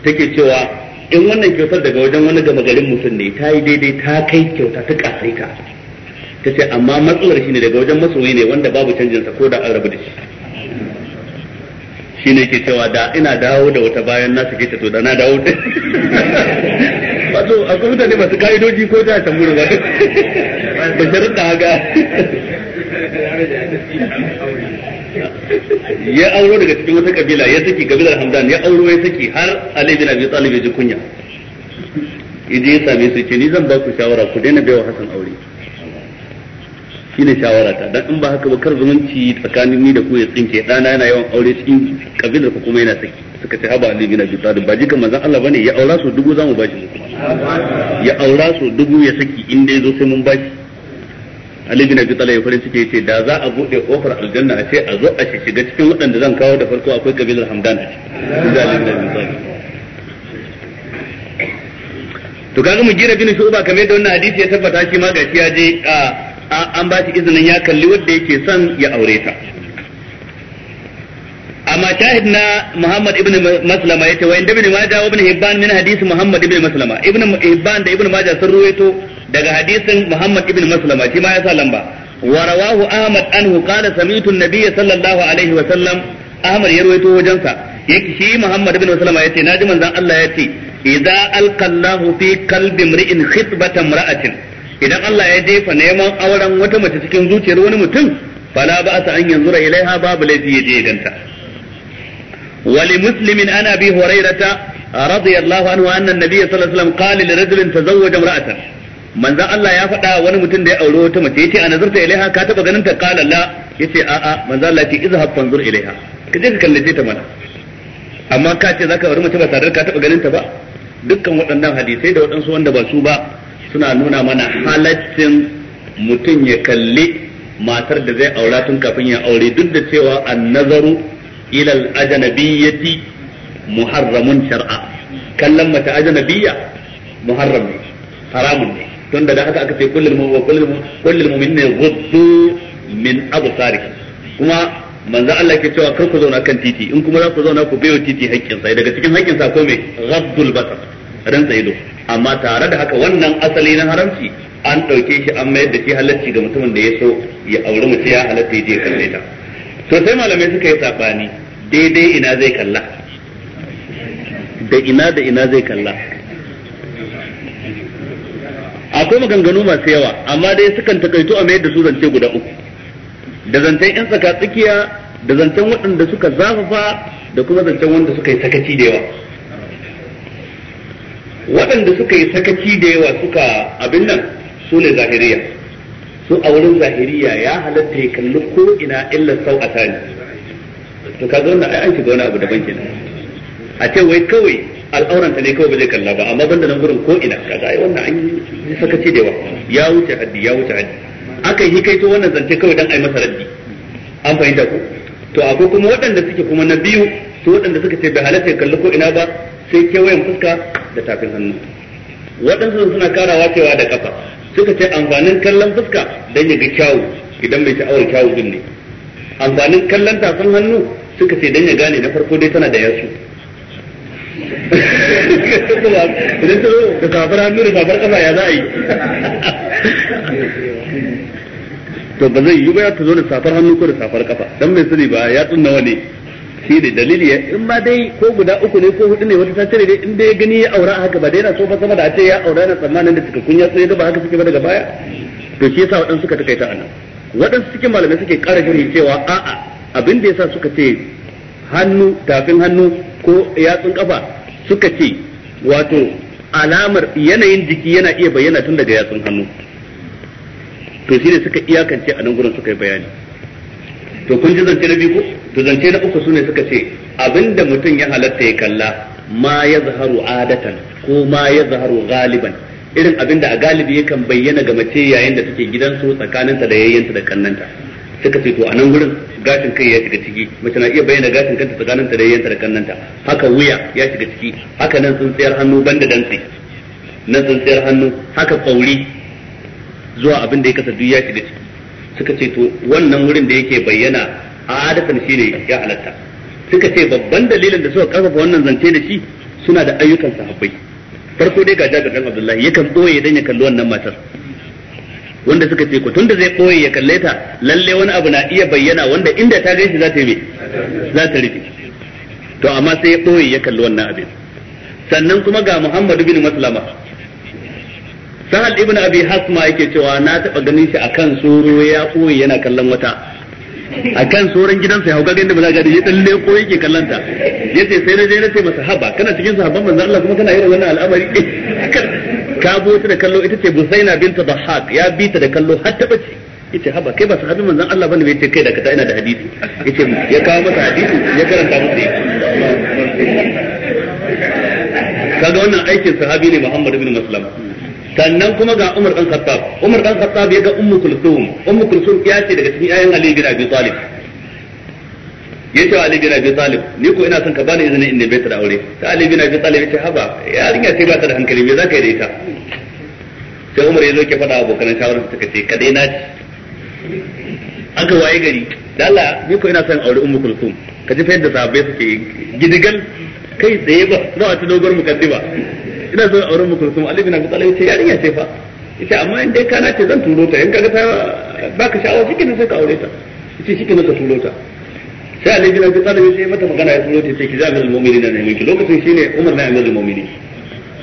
take cewa in wannan kyautar daga wajen wani gama garin mutum ne ta yi daidai ta kai kyauta ta kasaita ta Ta ce amma matsalar shi ne daga wajen masoyi ne wanda babu canjinsa ko da an rabu da shi shi ne ke cewa da ina dawo da wata bayan na ke ta to da na dawo da wato akwai mutane masu ka'idoji ko da tamburu ba da sharuɗa haka ya auro daga cikin wata kabila ya saki kabilar hamdan ya auro ya saki har ali bin abi talib ya ji kunya idan ya same su ce ni zan ba ku shawara ku daina baiwa hasan aure ne shawara ta dan in ba haka ba kar zumunci tsakanin ni da ku ya tsinke dana yana yawan aure cikin kabilar ku kuma yana saki suka ce haba ali bin abi talib ba jikan manzon Allah bane ya aura su dubu zamu bashi shi ya aura su dubu ya saki inda dai zo sai mun bashi Ali bin Abi Talib farin ciki yace da za a bude kofar aljanna a ce a zo a shiga cikin waɗanda zan kawo da farko akwai kabilar Hamdan a ciki da Ali bin Abi to kaga mu gira bin Shu'ba kamar yadda wannan hadisi ya tabbata shi ma gashi ya je an ba shi izinin ya kalli wanda yake son ya aure ta amma shahid na Muhammad ibn Maslama yace wa inda ibn Majah wa ibn Hibban min hadisi Muhammad ibn Maslama ibn Hibban da ibn Majah sun ruwaito daga hadisin Muhammad ibn Maslama shi ma ya sa lamba wa rawahu Ahmad anhu qala sami'tu an-nabiy sallallahu alaihi wa sallam Ahmad ya rawaito wajen sa yake shi Muhammad ibn Maslama yace naji manzon Allah yace idza alqallahu fi qalbi imri'in khitbatan ra'atin idan Allah ya jefa neman auren wata mace cikin zuciyar wani mutum fala ba ta an yanzu ra ilaiha babu laifi ya je ganta wali muslimin ana bi hurairata radiyallahu anhu anna an-nabiy sallallahu alaihi wasallam qala li rajulin tazawwaja imra'atan manzan Allah ya faɗa wani mutum da ya auro wata mace ya ce a nazarta ilaiha ka taɓa ganin ta qala la ya ce a'a manzan Allah yace izhab fanzur ilaiha ka je ka kallace ta mana amma ka ce zaka bari mace ba tare ka taɓa ganin ta ba dukkan waɗannan hadisai da waɗansu wanda ba su ba suna nuna mana halaccin mutum ya kalli matar da zai aura tun kafin ya aure duk da cewa an-nazaru ilal al-ajnabiyyati muharramun shar'a kallon mace ajnabiyya muharram ne haramun ne tunda da haka aka ce kullul mu'min kullul kullul minne gubbu min abu absari kuma manzo Allah ke cewa kar ku zauna kan titi in kuma za ku zauna ku bayo titi haƙƙin sai daga cikin haƙƙin sa ko me ghaddul basar rantsa ido amma tare da haka wannan asali na haramci an ɗauke shi an mayar da shi halacci ga mutumin da ya so ya auri mu ya halatta je kalle ta to sai malamai suka yi sabani daidai ina zai kalla da ina da ina zai kalla akwai maganganu masu yawa amma dai sukan takaito a mayar da su zance guda uku da zancen yan tsaka tsakiya da zancen waɗanda suka zafafa da kuma zancen wanda suka yi sakaci da yawa waɗanda suka yi sakaci da yawa suka abin nan su ne zahiriya su a wurin zahiriya ya halatta ya kalli ko ina illa sau a tani to kaga wannan ai an shiga wani abu daban kenan a ce wai kawai al'auranta ne kawai ba zai kalla ba amma banda nan gurin ko ina ka ga wannan an yi sakaci da yawa ya wuce haddi ya wuce haddi aka yi kaito wannan zance kawai dan ai masa raddi an fahimta ko to akwai kuma waɗanda suke kuma na biyu su waɗanda suka ce bai halatta ya kalli ko ina ba sai kewayen fuska da tafin hannu waɗansu suna karawa cewa da kafa suka ce amfanin kallon fuska dan ya ga kyawu idan bai sha'awar kyawu din ne amfanin kallon tafin hannu suka ce dan ya gane na farko dai tana da yasu idan ta zo da safar hannu da safar kafa ya za a yi to ba zai yi ba ya ta zo da safar hannu ko da safar kafa dan mai sani ba ya tsunna wani shi ne dalili in ba dai ko guda uku ne ko hudu ne wata ta ce dai in dai gani ya aura haka ba dai na so fa sama da a ce ya aura na tsammanin da cikakkun ya tsaye da ba haka suke ba daga baya to shi yasa waɗansu suka takaita anan waɗansu cikin malamai suke ƙara shiri cewa a'a abin da yasa suka ce hannu tafin hannu ko yatsun kafa suka ce wato alamar yanayin jiki yana iya bayyana tun daga yatsun hannu to shi ne suka iyakance a nan gurin suka yi bayani to kun ji zance na biyu ko to zance na uku sune suka ce abinda mutum ya halatta ya kalla ma ya zaharu adatan ko ma ya zaharu galiban irin abinda a galibi yakan bayyana ga mace yayin da take gidansu tsakaninta da yayyanta da kannanta suka ce to a nan gurin gashin kai ya shiga ciki mace na iya bayyana gashin kanta tsakanin ta da yanta da kannanta haka wuya ya shiga ciki haka nan sun tsayar hannu banda dantse Nan sun tsayar hannu haka tsauri zuwa abin da ya kasa duk ya shiga ciki suka ce to wannan wurin da yake bayyana a adatan shine ya halatta suka ce babban dalilin da suka karfafa wannan zance da shi suna da ayyukan sahabbai farko dai ga jagadan abdullahi yakan boye dan ya kalli wannan matar wanda suka ce ku tunda zai koyi ya kalle ta lalle wani abu na iya bayyana wanda inda ta gaishe za ta yi za ta rufe to amma sai ya koyi ya kalli wannan abin sannan kuma ga Muhammad bin Maslama Sahal ibn Abi Hasma yake cewa na taba ganin shi akan tsoro ya koyi yana kallon wata akan tsoron gidansa ya hauka ganin da ba za ga ya dalle ko yake kallanta yace sai na je na ce masa haba kana cikin sahabban manzo Allah kuma kana irin wannan al'amari haka ka bo ta da kallo ita ce Busaina binta Dahhak ya bi ta da kallo har ta bace yace haba kai ba hadin manzon Allah bane bai ce kai da ta ina da hadisi yace ya kawo masa hadisi ya karanta masa kaga wannan aikin sahabi ne Muhammad ibn Muslim sannan kuma ga Umar dan Khattab Umar dan Khattab ya ga Ummu Kulsum Ummu Kulsum ya ce daga cikin ayyan Ali bin Abi Talib yace Ali bin Abi Talib ni ko ina son ka bani izinin in bai ta da aure ta Ali bin Abi Talib yace haba yarinya sai ba ta da hankali me zaka yi da ita sai Umar ya zo ke faɗa abokan shawara su suka ce ka dai naci aka waye gari da Allah ni ko ina son aure Ummu Kulsum ka ji fa yadda sahabbai suke gidigal kai tsaye ba za a ci dogon mukaddima ina son aure Ummu Kulsum Ali bin Abi Talib yace yarinya ce fa yace amma in dai kana ce zan turo ta in kaga ta baka shawara shi kenan sai ka aure ta yace shi kenan ka turo ta sai a bin Abi tsada sai mata magana ya tsoro ta sai ki zabi al na neman ki lokacin shine Umar na amir al-mu'minin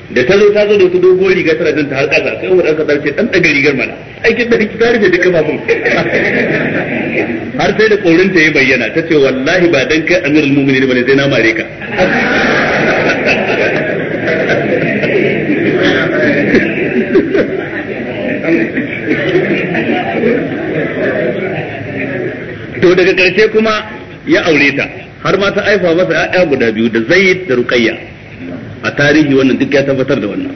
da ta zo ta zo da wata dogon riga tana jin ta har kasa sai Umar aka ce dan daga rigar mana aikin da ki tare da duka mafin har sai da korin ta ya bayyana ta ce wallahi ba dan kai amir al-mu'minin bane sai na mare ka to daga karshe kuma ya aure ta har ma ta aifa masa ƴaƴa guda biyu da Zaid da Ruqayya a tarihi wannan duk ya tabbatar da wannan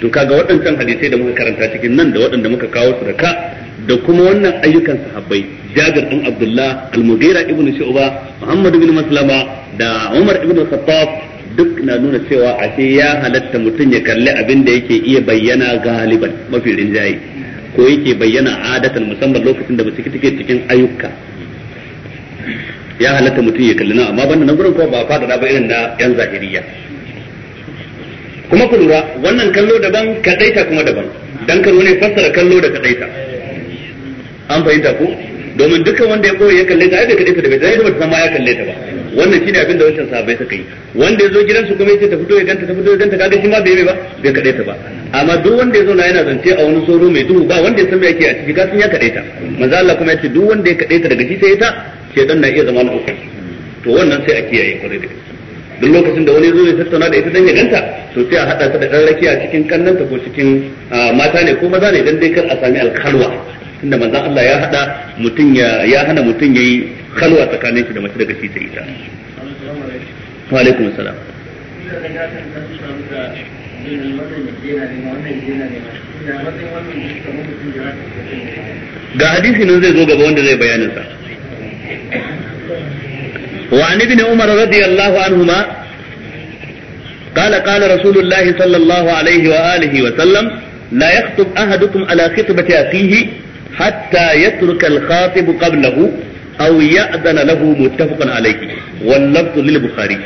to kaga waɗancan hadisai da muka karanta cikin nan da waɗanda muka kawo su da ka da kuma wannan ayyukan sahabbai Jabir ɗin Abdullah Al-Mughira ibn Shu'ba Muhammad ibn Maslama da Umar ibn Khattab duk na nuna cewa ashe ya halatta mutum ya kalli abin da yake iya bayyana galiban mafi rinjaye ko yake bayyana adatan musamman lokacin da ba ciki take cikin ayyuka ya halatta mutum ya kalli nan amma banda nan gurin ko ba da ba irin na yan zahiriya kuma ku lura wannan kallo daban kadaita kuma daban dan karo ne fassara kallo da kadaita an fahimta ko domin dukkan wanda ya koyi ya kalle ta ai bai kadaita da bai zai ba san ma ya kalle ta ba wannan shine abin da wancan sahabbai suka yi wanda ya zo gidansu kuma yace ta fito ya ganta ta fito ya ganta kaga shi ma bai ba bai kadaita ba amma duk wanda ya zo na yana zance a wani soro mai duhu ba wanda ya san me yake a ciki san ya kadaita manzo Allah kuma yace duk wanda ya kadaita daga shi sai ta shedan na iya zama na uku to wannan sai a kiyaye kwarai da gaske duk lokacin da wani zo ya tattauna da ita dan ya ganta to sai a hada ta da dan rakiya cikin kannanta ko cikin mata ne ko maza ne dan dai kar a sami alkalwa tunda manzon Allah ya hada mutun ya ya hana mutun yayi kalwa tsakanin shi da mace daga cikin ta ita wa alaikum assalam ga hadisi nan zai zo gaba wanda zai bayanin sa وعن ابن عمر رضي الله عنهما قال قال رسول الله صلى الله عليه وآله وسلم لا يخطب أحدكم على خطبة أخيه حتى يترك الخاطب قبله أو يأذن له متفق عليه واللفظ للبخاري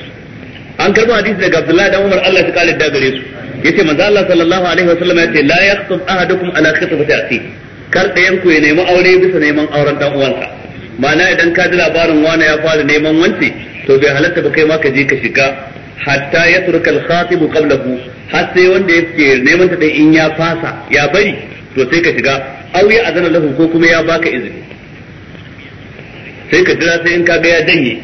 an karbo hadisi daga Abdullahi dan Umar Allah ya kare da gare su yace manzo Allah sallallahu alaihi wasallam yace la yakhthub ahadukum ala khitbati akhi kar dayan ku ya nemi aure bisa neman auren dan ma'ana idan ka ji labarin wani ya fara neman wance to bai halatta ba kai ma ka je ka shiga hatta ya turka al khatib qablahu har sai wanda yake neman ta in ya fasa ya bari to sai ka shiga aw ya azana lahu ko kuma ya baka izini sai ka jira sai in ka ga ya danye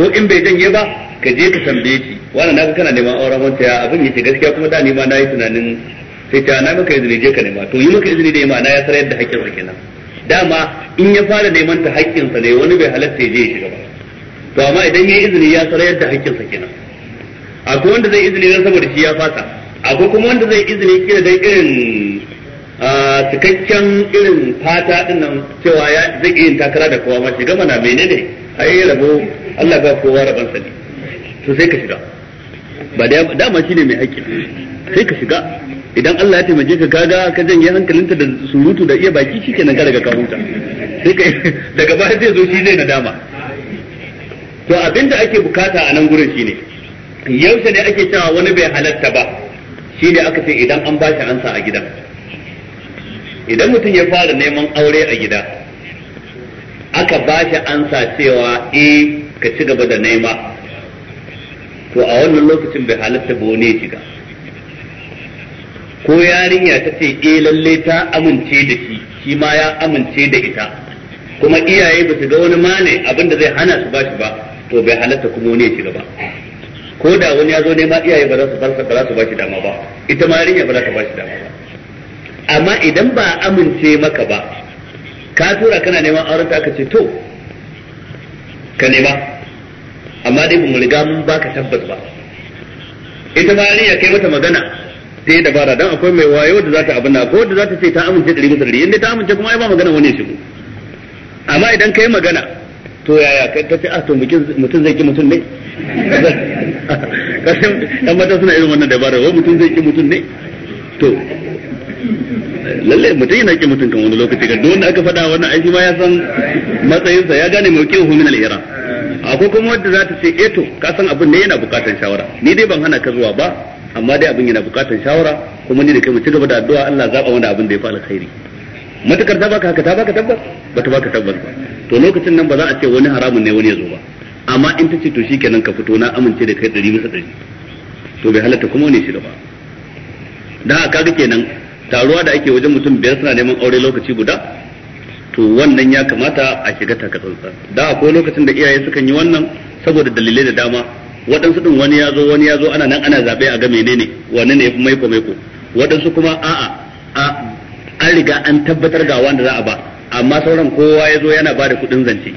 ko in bai danye ba ka je ka tambaye shi wannan naga kana neman auren wanta ya abin yace gaskiya kuma da ni ma nayi tunanin sai ta na maka izini je ka nema to yi maka izini da ma'ana ya sarar da hakkin wa kenan dama in ya fara neman ta haƙƙinsa ne wani bai halatta ya je ya shiga ba to amma idan ya izini ya sarayar da haƙƙinsa kenan akwai wanda zai izini na saboda shi ya fasa akwai kuma wanda zai izini kira dan irin cikakken irin fata din nan cewa ya zai iya takara da kowa ma shiga mana menene ai rabo Allah ba kowa sa ne to sai ka shiga ba dama shine mai haƙƙi sai ka shiga idan Allah ya taimake ka kaga ka janye hankalinta da surutu da iya baki shikenan ka daga ka huta sai daga baya zai zo shi zai nadama to abinda ake bukata a nan gurin shine yaushe ne ake cewa wani bai halatta ba shi ne aka ce idan an bashi ansa a gida idan mutum ya fara neman aure a gida aka bashi ansa cewa eh ka ci gaba da nema to a wannan lokacin bai halatta ba wani ya shiga ko yarinya ta ce eh lalle ta amince da shi shi ma ya amince da ita kuma iyaye ba su ga wani mane abin da zai hana su ba shi ba to bai halatta kuma wani ya shiga ba ko da wani ya zo ne ma iyaye ba za su farsa ba za su ba shi dama ba ita ma yarinya ba za ta ba shi dama ba amma idan ba amince maka ba ka tura kana neman auren ta aka ce to ka nema amma dai ba mu riga mun baka tabbas ba ita ma yarinya kai mata magana sai dabara dan akwai mai wayo da zata ta abin nan ko da zata ce ta amince dari bisa ɗari ta amince kuma ai ba magana wani shigo amma idan kai magana to yaya kai ta ce ah to mutum zai ki mutum ne kasan dan mata suna irin wannan dabara wai mutum zai ki mutum ne to lalle mutum yana ki mutum kan wani lokaci ga don aka faɗa wannan ai shi ma ya san matsayinsa ya gane mai kiwo min al-ira akwai kuma wanda zata ce eh to ka san abin ne yana bukatar shawara ni dai ban hana ka zuwa ba amma dai abin yana bukatar shawara kuma ni da kai mu ci gaba da addu'a Allah zaba wanda abin da ya fi alkhairi matukar ta baka haka ta baka tabbas ba ta baka tabbas ba to lokacin nan ba za a ce wani haramun ne wani ya zo ba amma in ta ce to shikenan ka fito na amince da kai dari bisa dari to bai halatta kuma wani shi da ba da haka kaga kenan taruwa da ake wajen mutum biyar suna neman aure lokaci guda to wannan ya kamata a shiga takatsantsa da akwai lokacin da iyaye sukan yi wannan saboda dalilai da dama waɗansu ɗin wani ya zo wani ya zo ana nan ana zaɓe a ga menene wani ne ya fi maiko maiko waɗansu kuma a'a a an riga an tabbatar ga wanda za a ba amma sauran kowa ya zo yana ba da kuɗin zance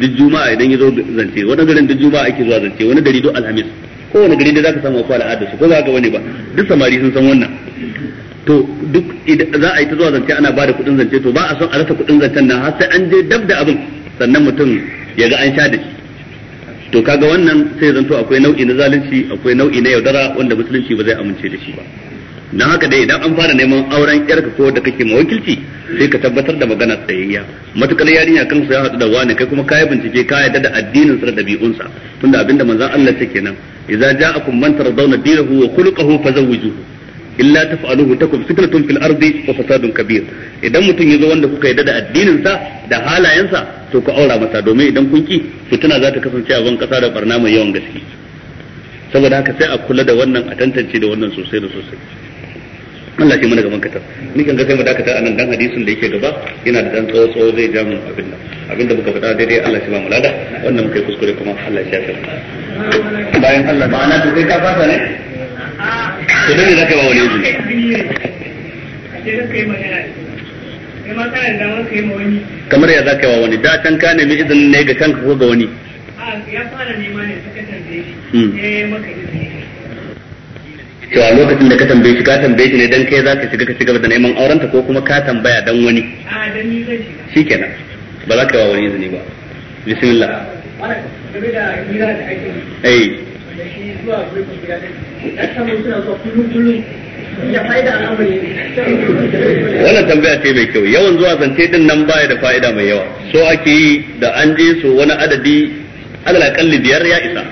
duk juma'a idan ya zo zance wani garin duk juma'a ake zuwa zance wani gari duk alhamis kowane gari da ka samu akwai al'adar su ko za ka wani ba duk samari sun san wannan to duk za a yi ta zuwa zance ana ba da kuɗin zance to ba a son a rasa kuɗin zancen nan har sai an je dab da abin sannan mutum ya ga an sha da shi to kaga wannan sai zanto akwai nau'i na zalunci akwai nau'i na yaudara wanda musulunci ba zai amince da shi ba dan haka dai idan an fara neman auren yarka ko da kake mawakilci sai ka tabbatar da magana tsayayya matukar yarinya kan su ya hadu da wani kai kuma kai bincike ka yadda da addinin sa da ɗabi'unsa tunda abinda manzon Allah yake nan idza ja'akum man tardawna dinahu wa khuluquhu fazawwijuhu illa taf'aluhu takum fitratun fil ardi wa fasadun kabir idan mutun yazo wanda kuka yadda da addinin sa da halayensa to ku aura masa domin idan kun ki fitina za ta kasance a ban kasa da barna mai yawan gaske saboda haka sai a kula da wannan a tantance da wannan sosai da sosai Allah shi mana gaban katar ni kan ga sai mu dakata anan dan hadisin da yake gaba yana da dan tsawo tsawo zai ja mu abin nan abin da muka faɗa daidai Allah shi ba mu lada wannan muka yi kuskure kuma Allah shi ya bayan Allah ma'ana to kai ka fasa ne to dan ne zaka ba wani izini kamar ya zaka ba wani da can ka nemi izinin ne ga kanka ko ga wani ya fara nema ne suka tambaye shi eh maka to a lokacin da ka tambaye shi ka tambaye shi ne dan kai zaka shiga ka shiga da neman aurenta ko kuma ka tambaya dan wani a dan ni zan shiga shikenan ba za ka yi wa wani izini ba bismillah eh da shi zuwa mulki gida ɗin samun suna zuwa kullum kullum wannan tambaya ce mai kyau yawan zuwa zance din nan baya da fa'ida mai yawa so ake yi da an je su wani adadi alal kalli biyar ya isa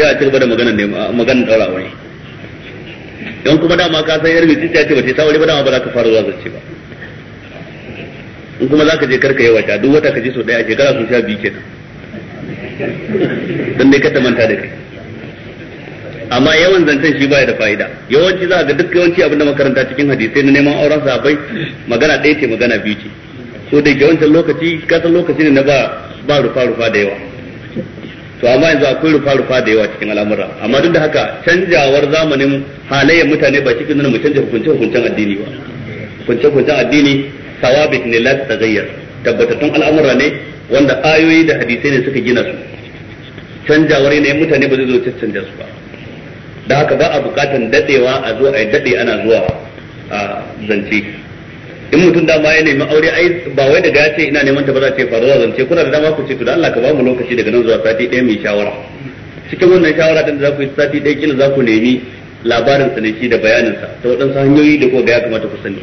sai a cigaba da maganar maganar daura wani don kuma dama ka san yarmi tita ce bace sawari ba dama ba za ka fara zuwa zance ba in kuma za ka je karka yawa ta duk wata ka je so daya a shekara sun sha biyu kenan dan dai ka manta da kai amma yawan zancen shi baya da fa'ida yawanci za ga duk yawanci abinda makaranta cikin hadisai na neman auren sahabbai magana ɗaya ce magana biyu ce so da yawancin lokaci kasan lokaci ne na ba ba rufa rufa da yawa to amma yanzu akwai rufa rufa da yawa cikin al'amura amma duk da haka canjawar zamanin halayyar mutane ba cikin nuna mu canja hukunce hukuncen addini ba hukunce hukuncen addini sawabit ne la tagayyar tabbatattun al'amura ne wanda ayoyi da hadisai ne suka gina su canjawar yanayin mutane ba zai zo canja su ba da haka ba a bukatan dadewa a zo a dade ana zuwa a zance in mutum dama ya nemi aure ai ba wai daga ya ce ina neman ta ba za ce faru zuwa zance kuna da dama ku ce to da Allah ka ba mu lokaci daga nan zuwa sati ɗaya mai shawara cikin wannan shawara din da za ku yi sati ɗaya kila za ku nemi labarin sa ne shi da bayanin sa ta waɗansu hanyoyi da ko da ya kamata ku sani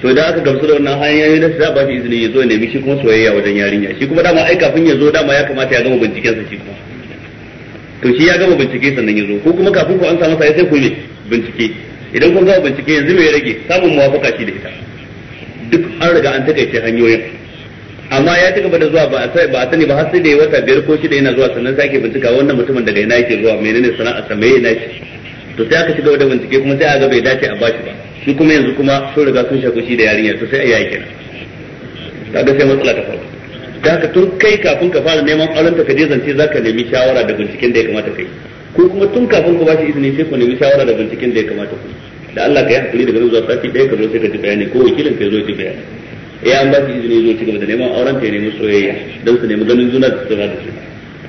to da aka gamsu da wannan hanyoyi da za ba shi izini ya zo nemi shi kuma soyayya wajen yarinya shi kuma dama ai kafin ya zo dama ya kamata ya gama binciken sa shi kuma to shi ya gama bincike sannan ya zo ko kuma kafin ku an samu sai sai ku yi bincike idan kun gama bincike yanzu me ya rage samun muwafaka shi da ita duk an riga an takaice hanyoyin amma ya ci gaba da zuwa ba a ba a sani ba har sai da wata biyar ko shida yana zuwa sannan sake bincika wannan mutumin daga ina yake zuwa menene sana'a sa meye na shi to sai aka ci gaba da bincike kuma sai aga bai dace a bashi ba shi kuma yanzu kuma sun riga sun shaku shi da yarinya to sai a yi kenan kaga sai matsala ta faru da haka tun kai kafin ka fara neman auren ka je zance ka nemi shawara da binciken da ya kamata kai ko kuma tun kafin ka bashi izini sai ku nemi shawara da binciken da ya kamata ku da Allah ka yi hakuri daga nan zuwa sati ɗaya ka zo sai ka ji bayani ko wakilin ka zo ya ji bayani ya eh, an ba shi izini zo ci gaba da neman auren ta ya nemi soyayya don su nemi ganin juna da tsara da su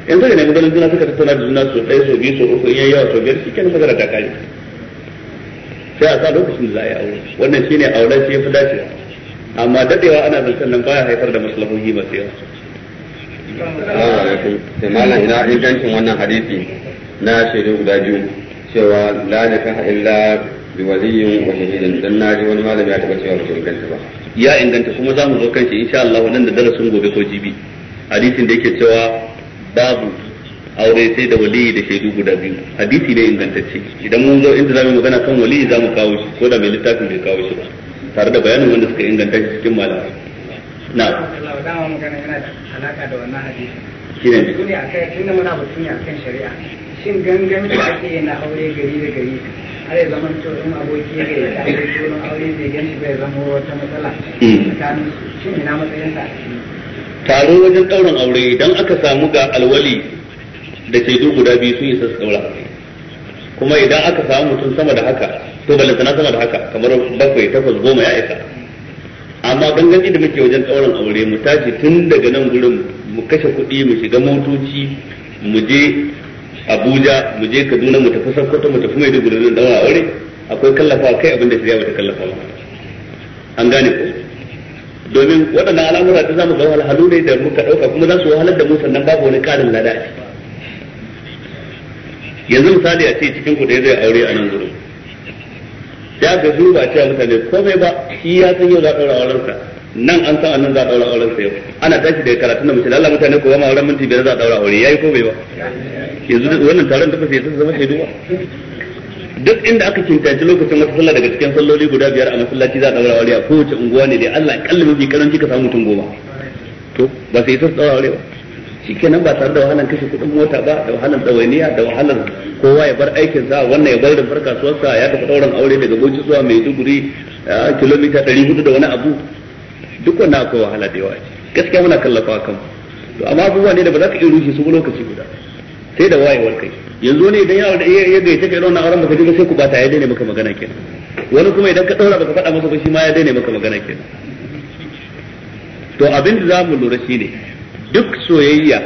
yanzu da nemi ganin juna suka tattauna da juna so ɗaya so biyu so uku in yayi yawa so biyar shi kenan magana ta kare sai a sa lokacin da za a yi aure wannan shine auren shi ya fi dacewa amma dadewa ana zancen nan baya haifar da maslahohi masu yawa Assalamu alaikum. Sai malam ina ingancin wannan hadisi na shaidu guda biyu cewa la nikaha illa bi waliyin wa shahidin dan naji wani malami ya taba cewa ba inganta ba. Ya inganta kuma za mu zo kan shi insha Allah nan da darasin gobe ko jibi. Hadisin da yake cewa babu aure sai da waliyi da shaidu guda biyu hadisi ne ingantacce idan mun zo inda zamu magana kan waliyi zamu kawo shi ko da mai littafin bai kawo shi ba. tare da bayanin wanda suka inganta shi cikin malamai na dama magana yana da alaka da wannan hadisi shine ne a kai tunda muna batun ya kan shari'a shin gangamin da ake na aure gari da gari har ya zama to in aboki ya gari ta aure ko aure zai ganshi bai zama wata matsala hmm. tsakanin shin ina matsayin sa taro wajen ɗaurin aure idan aka samu ga alwali da shaidu guda biyu sun yi sassa ɗaura kuma idan aka samu mutum sama da haka to balanta na sama da haka kamar bakwai takwas goma ya isa amma ganganci da muke wajen tsauran aure mu tashi tun daga nan gurin mu kashe kuɗi mu shiga motoci mu je abuja mu je kaduna mu tafi sokoto mu tafi mai dubu dawa aure akwai kallafa kai abinda shirya bata kallafa ba an gane ko domin waɗannan al'amura da zamu ga wahalhalu ne da muka ɗauka kuma za su wahalar da mu sannan babu wani ƙarin lada yanzu misali a ce cikin ku da zai aure a nan gurin ya ga zo ba cewa mutane komai ba shi ya san yau za a ɗaura aurensa nan an san annan za a ɗaura aurensa yau ana tashi daga karatun da mace Allah mutane ko ma auren minti biyar za a ɗaura aure yayi ko bai ba yanzu wannan taron da ya zama shaidu ba duk inda aka kintace lokacin wata sallah daga cikin salloli guda biyar a masallaci za a daura aure a kowace unguwa ne dai Allah kalli mafi karanci ka samu mutum goma to ba sai ya daura aure ba kenan ba tare da wahalar kashe kuɗin mota ba da wahalar ɗawainiya da wahalar kowa ya bar aikin sa wannan ya bar da farka kasuwarsa ya tafi ɗaurin aure daga Bauchi zuwa Maiduguri kilomita 400 da wani abu duk wannan akwai wahala da yawa gaskiya muna kallafa kan to amma abubuwa ne da ba za ka iya rushe su lokaci guda sai da wayewar kai yanzu ne idan ya gaita kai wannan auren baka ji sai ku bata ya daina maka magana kenan wani kuma idan ka ɗaura baka faɗa masa ba shi ma ya daina maka magana kenan to abin da za mu lura shi ne duk soyayya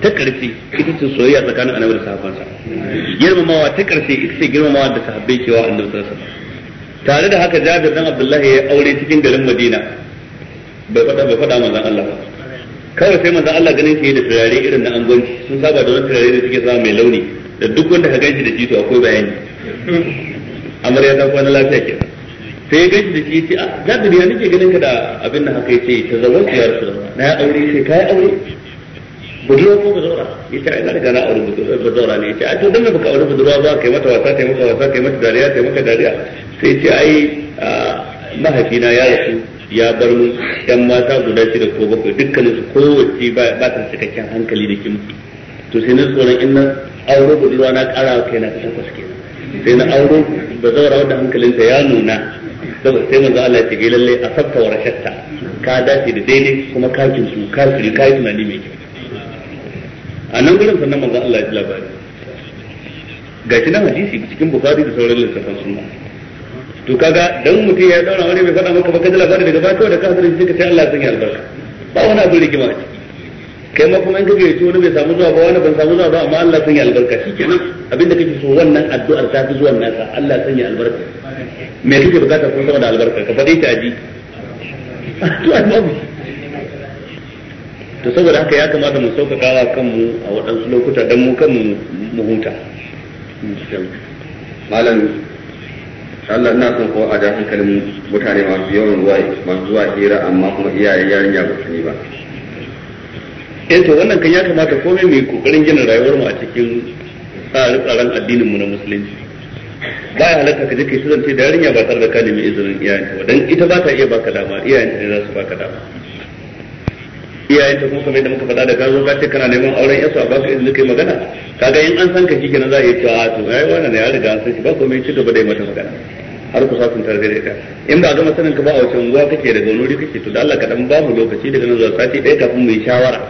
ta ƙarfi ita ce soyayya tsakanin annabi da sahabbansa girmamawa ta ƙarfi ita ce girmamawa da sahabbai cewa annabi sallallahu alaihi tare da haka Jabir dan Abdullahi ya aure cikin garin Madina bai faɗa bai fada manzon Allah ba kawai sai manzon Allah ganin shi da turare irin na angonci sun saba da wani turare da suke zama mai launi da duk wanda ka ganshi da shi to akwai bayani amarya ta kwana lafiya ke sai ya gaji da shi ya ce a ah, jabir ya nake ganin ka da abin da haka ya ce ta zama ya rasu da na ya aure sai kai aure budurwa ko budurwa yace ai na riga na aure budurwa ne yace a to dan me baka aure budurwa ba kai mata wasa kai maka wasa kai mata dariya kai maka dariya sai ce ai mahaifina ya rasu ya bar mu yan mata guda shida ko bakwai dukkanin su kowace ba ta cikakken hankali da kimki to sai na tsoron in na aure budurwa na kara kai na kasan kwaske sai na aure budurwa wanda hankalinta ya nuna sai manzo Allah ya ce lalle a sabta wa rashatta ka dace da daidai kuma ka su ka kiri ka yi tunani mai kyau a nan gudun sannan manzon Allah ya ji labari ga shi nan hadisi cikin bukari da sauran littafan sunna to kaga dan mutum ya daura wani bai faɗa maka ba ka ji labari daga baya kawai da ka hadari shi ka ce Allah sun sanya albarka ba wani abin rigima a ciki kai ma kuma in ka gayyaci wani bai samu zuwa ba wani ban samu zuwa ba amma Allah sun yi albarka shikenan abinda kake so wannan addu'ar ta fi zuwan nasa Allah sun sanya albarka me kake bukata kuma saboda albarka ka faɗi ta ji to annabi to saboda haka ya kamata mu sauƙaƙa wa kanmu a waɗansu lokuta don mu kanmu mu huta malam Allah ina son ko a ja hankalin mutane masu yawan zuwa masu zuwa hira amma kuma iyayen yarinya ba su ba eh to wannan kan ya kamata komai mai kokarin gina rayuwar mu a cikin tsarin addinin mu na musulunci ba ya halatta ka je kai shirin ce da yarinya ba tare da ka nemi izinin iyayen ta dan ita ba ta iya baka dama iyayenta ne za su baka dama ta kuma kamar da muka faɗa da ka zo ka ce kana neman auren yasu a ka izini kai magana kaga in an san ka kike kenan za a iya cewa to ai wannan ne ya riga an san shi ba komai ci gaba da yi mata magana har ku sun tare da ita in ba ga sanin ka ba a wace ruwa kake daga wani wuri kake to da Allah ka dan ba mu lokaci daga nan zuwa sati ɗaya kafin mu yi shawara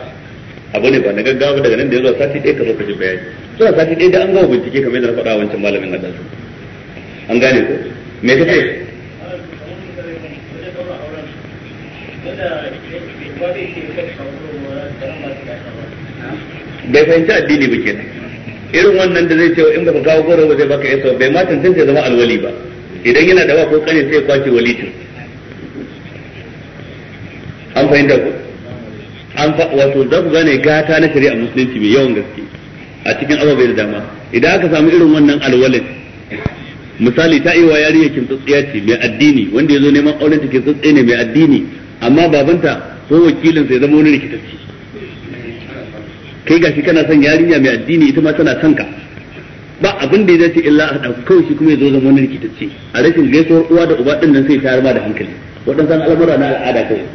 abu ne ba na gaggawa daga nan da zuwa sati ɗaya ka zo ka ji bayani suna sati ɗaya da an gama bincike kamar yadda na faɗa wancan malamin na an gane ko me ta bai fahimci addini ba kenan irin wannan da zai ce in ka kawo goro ba zai baka yasa bai ma tantance zama alwali ba idan yana da ba ko kane sai ya kwace walitin an fahimta ku an wato za ku gane gata na shari'a musulunci mai yawan gaske a cikin ababai da dama idan aka samu irin wannan alwalin misali ta yi wa yarinya kimtsatsiya ce mai addini wanda ya zo neman auren ta tsotsi ne mai addini amma babanta ko wakilin sai zama wani rikitacci kai gashi kana son yarinya mai addini ita ma tana son ka ba abin da ya dace illa a haɗa kawai shi kuma ya zo zama wani rikitacce a rashin gaisuwar uwa da uba din nan sai ta harma da hankali waɗansu al'amura na al'ada kawai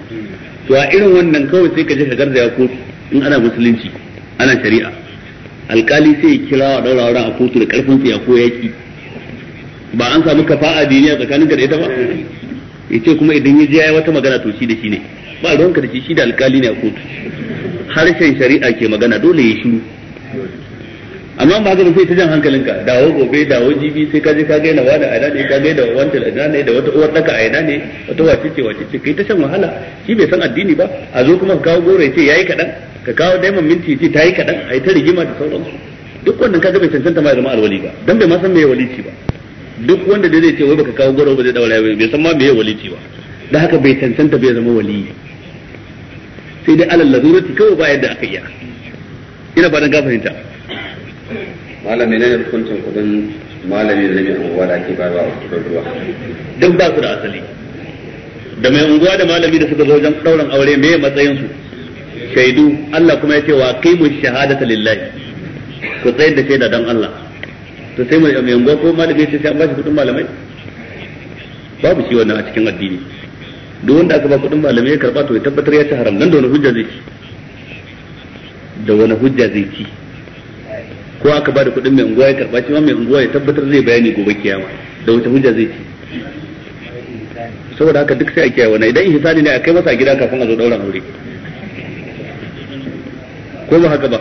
to a irin wannan kawai sai ka je ka garzaya kotu in ana musulunci ana shari'a alkali sai ya kira wa daura wurin a kotu da karfin ya ko yaki ba an samu kafa'a duniya tsakanin ka da ita ba yace kuma idan ya je yayi wata magana to shi da shi ne ba ruwanka da shi shi da alkali ne a kotu harshen shari'a ke magana dole ya shiru amma ba zai sai ta jan hankalinka dawo gobe dawo jibi sai ka je ka gaina wani a ne ka da wancan a ne da wata uwar daka a ne wata wace ce wace ce kai ta shan wahala shi bai san addini ba a zo kuma ka kawo goro ya ce yayi kaɗan ka kawo daimon minti ce ta yi kaɗan a yi ta rigima da sauransu duk wannan kaga bai cancanta ma ya zama alwali ba dan bai ma san meye walici ba duk wanda dai zai ce wai baka kawo goro ba zai daura bai bai san ma meye walici ba dan haka bai cancanta bai zama wali sai dai alal ladurati kawai ba yadda aka yi ina ba dan ka fahimta malam menene hukuncin kudin malami da mai unguwa da ake bayarwa a kudin ruwa duk ba su da asali da mai unguwa da malami da suka zo wajen ɗaurin aure me matsayin su shaidu Allah kuma ya ce wa qimu shahadata lillahi ku tsayar da shaida dan Allah to sai mai unguwa ko malami sai an ba shi kudin malamai babu shi wannan a cikin addini duk wanda aka ba kudin malamai ya karba to ya tabbatar ya ci haram nan da wani hujja zai ci da wani hujja zai ci ko aka bada kuɗin mai unguwa ya karba cewa mai unguwa ya tabbatar zai bayani gobe kiyama da wata hujja zai ci saboda haka duk sai a kiyaye wannan idan ihsani ne a kai masa gida kafin a zo ɗaura aure ko ba haka ba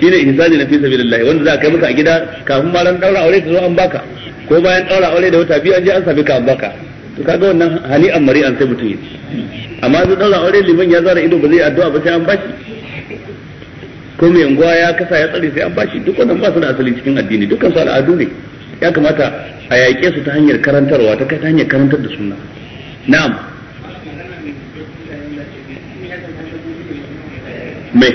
shi ne ihsani na fi sabilillah wanda za a kai masa a gida kafin ma ran ɗaura aure ta zo an baka ko bayan ɗaura aure da wata biyu an je an sami ka an baka to kaga wannan hali an mari an sai mutum ci amma zai ɗaura aure liman ya zara ido ba zai addu'a ba sai an bashi ko mai unguwa ya kasa ya tsare sai an bashi duk wannan ba su da asali cikin addini dukkan su al'adu ne ya kamata a yaƙe su ta hanyar karantarwa ta kai ta hanyar karantar da suna na'am mai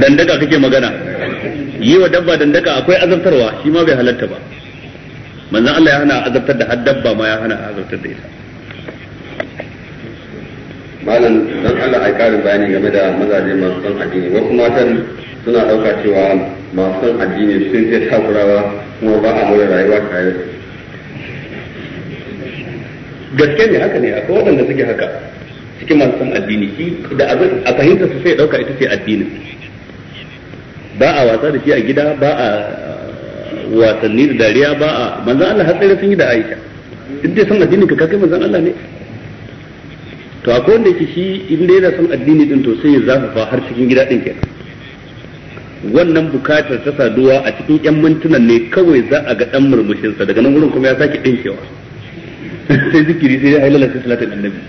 dandaka kake magana yi wa dabba dandaka akwai azabtarwa shi ma bai halatta ba manzan Allah ya hana azabtar da har dabba ma ya hana azabtar da ita malam don Allah a karin bayani game da mazaje masu son addini wasu matan suna ɗauka cewa masu son addini sun ce takurawa kuma ba a more rayuwa tare gaske ne haka ne akwai waɗanda suke haka cikin masu son addini shi da a fahimta su sai ɗauka ita ce addinin ba a wasa da shi a gida ba a uh, wasanni da dariya ba a manzan Allah har tsere sun yi da Aisha duk dai son addinin ka kai manzan Allah ne to a wanda yake shi in dai yana son addini din to sai ya zafafa har cikin gida din kenan wannan bukatar ta saduwa a cikin yan mintunan ne kawai za a ga dan murmushin sa daga nan wurin kuma ya sake dinkewa sai zikiri sai ya halala sai salatin annabi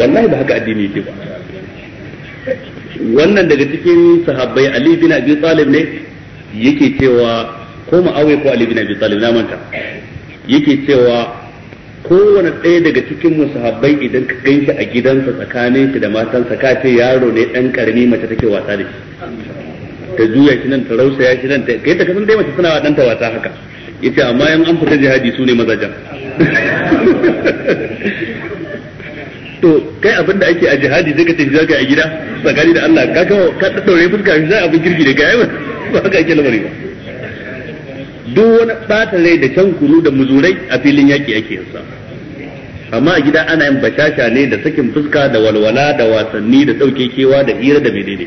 wallahi ba haka addini yake ba wannan daga cikin sahabbai Ali bin Abi Talib ne yake cewa ko Muawiya ko Ali bin Abi Talib na manta yake cewa kowane ɗaya daga cikin musahabbai idan ka gan shi a gidansa tsakanin shi da matansa ka ce yaro ne ɗan ƙarami mace take wasa da shi ta juya shi nan ta rausaya shi nan ta kai ta kasan dai mace tana ɗanta wasa haka yace amma yan an fita jihadi su ne mazajen to kai abin da ake a jihadi zai ka tafi zaka a gida tsakani da Allah ka ka daure fuska shi za abin girgi da ga yawa ba haka ake lamari ba duk wani bata rai da can kunu da muzurai a filin yaki ake yansa amma a gida ana yin bashasha ne da sakin fuska da walwala da wasanni da dauke kewa da hira da menene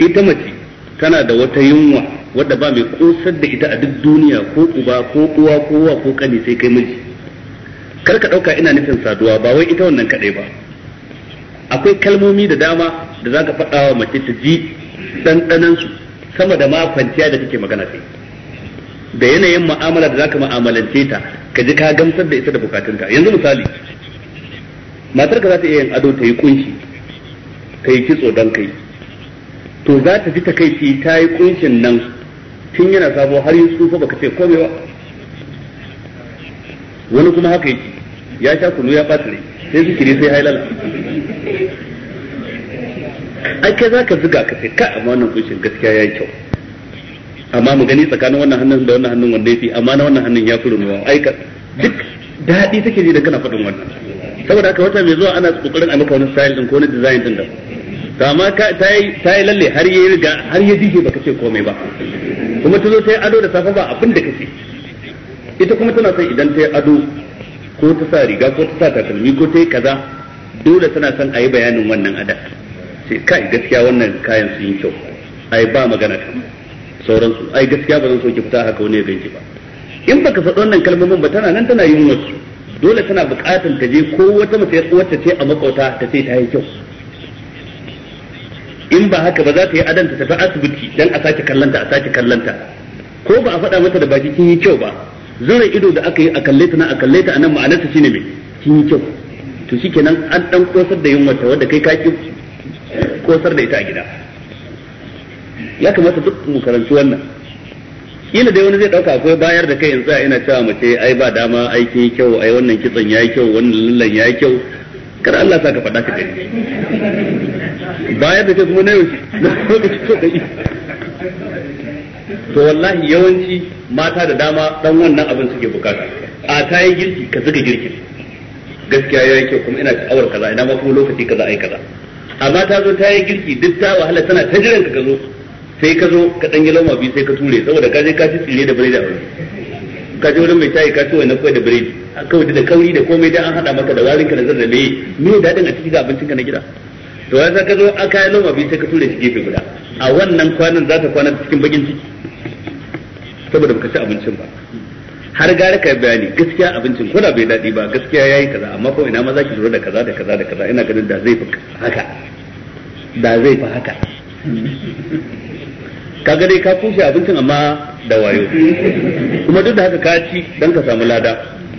ita mace tana da wata yunwa wadda ba mai kosar da ita a duk duniya ko uba ko uwa ko wa ko kani sai kai miji kar ka dauka ina nufin saduwa ba wai ita wannan kadai ba akwai kalmomi da dama da zaka faɗa wa mace ta ji ɗanɗanansu sama da ma kwanciya da take magana sai da yanayin mu'amala da zaka mu'amalance ta ka ji ka gamsar da ita da bukatunka yanzu misali matar ka za ta iya yin ado ta yi kunshi ta yi kitso don kai to za ta ji ta kai ci ta yi kunshin nan tun yana sabo har yi tsufa baka ce komai ba wani kuma haka yake ya sha kunu ya ɓata rai sai su kiri sai hailala ai kai zaka zuga ka sai ka amma wannan kushin gaskiya yayi kyau amma mu gani tsakanin wannan hannun da wannan hannun wanda yafi amma na wannan hannun ya furu ruwa ai duk daɗi take ji da kana faɗin wannan saboda haka wata mai zuwa ana kokarin a maka wani style din ko wani design din da to amma ka ta yi ta yi lalle har ya riga har ya dike baka ce komai ba kuma ta zo ta yi ado da safa ba abin da kake ita kuma tana son idan ta yi ado ko ta sa riga ko ta sa takalmi ko ta yi kaza dole tana son a yi bayanin wannan adad sai kai gaskiya wannan kayan sun yi kyau ai ba magana kan sauransu ai gaskiya ba zan so ki fita haka wani ya ganki ba in baka faɗi wannan kalmomin ba tana nan tana yin wasu dole tana buƙatar ta je ko wata mace wacce ce a makauta ta ce ta yi kyau in ba haka ba za ta yi adanta ta tafi asibiti dan a sake kallanta a sake kallanta ko ba a faɗa mata da baki kin yi kyau ba zura ido da aka yi a kalle ta na a kalle ta anan ma'anarta shine me kin yi kyau to shikenan an dan kosar da yunwata wanda kai ka ki kosar da ita a gida ya kamata duk mu karanci wannan kila dai wani zai dauka akwai bayar da kai yanzu a ina cewa mace ai ba dama aiki kyau ai wannan kitson yayi kyau wannan lullan yayi kyau kar Allah sa ka faɗa ka dai bayar da kai kuma na yau to wallahi yawanci mata da dama dan wannan abin suke bukata a ta yi girki ka zuga girki gaskiya yayi kyau kuma ina aure kaza ina ma kuma lokaci kaza ai kaza amma ta zo ta yi girki duk ta wahala tana ta jiran ka zo sai ka zo ka dan giloma biyu sai ka ture saboda ka je ka ci tsire da biredi a wurin ka je wurin mai tayi ka ci wannan kwai da biredi kawai da kauri da komai da an hada maka da warin ka da zarra me me dadin a cikin ga abincin ka na gida to ya ka zo aka yi loma biyu sai ka ture shi gefe guda a wannan kwanan za ta kwana cikin bakin ciki saboda baka ci abincin ba har gare ka bayani gaskiya abincin kuna bai daɗi ba gaskiya yayi kaza amma ko ina ma za ki zo da kaza da kaza da kaza ina ganin da zai fi haka da zai fi haka ga dai ka kushe abincin amma da wayo kuma duk da haka ka ci dan ka samu lada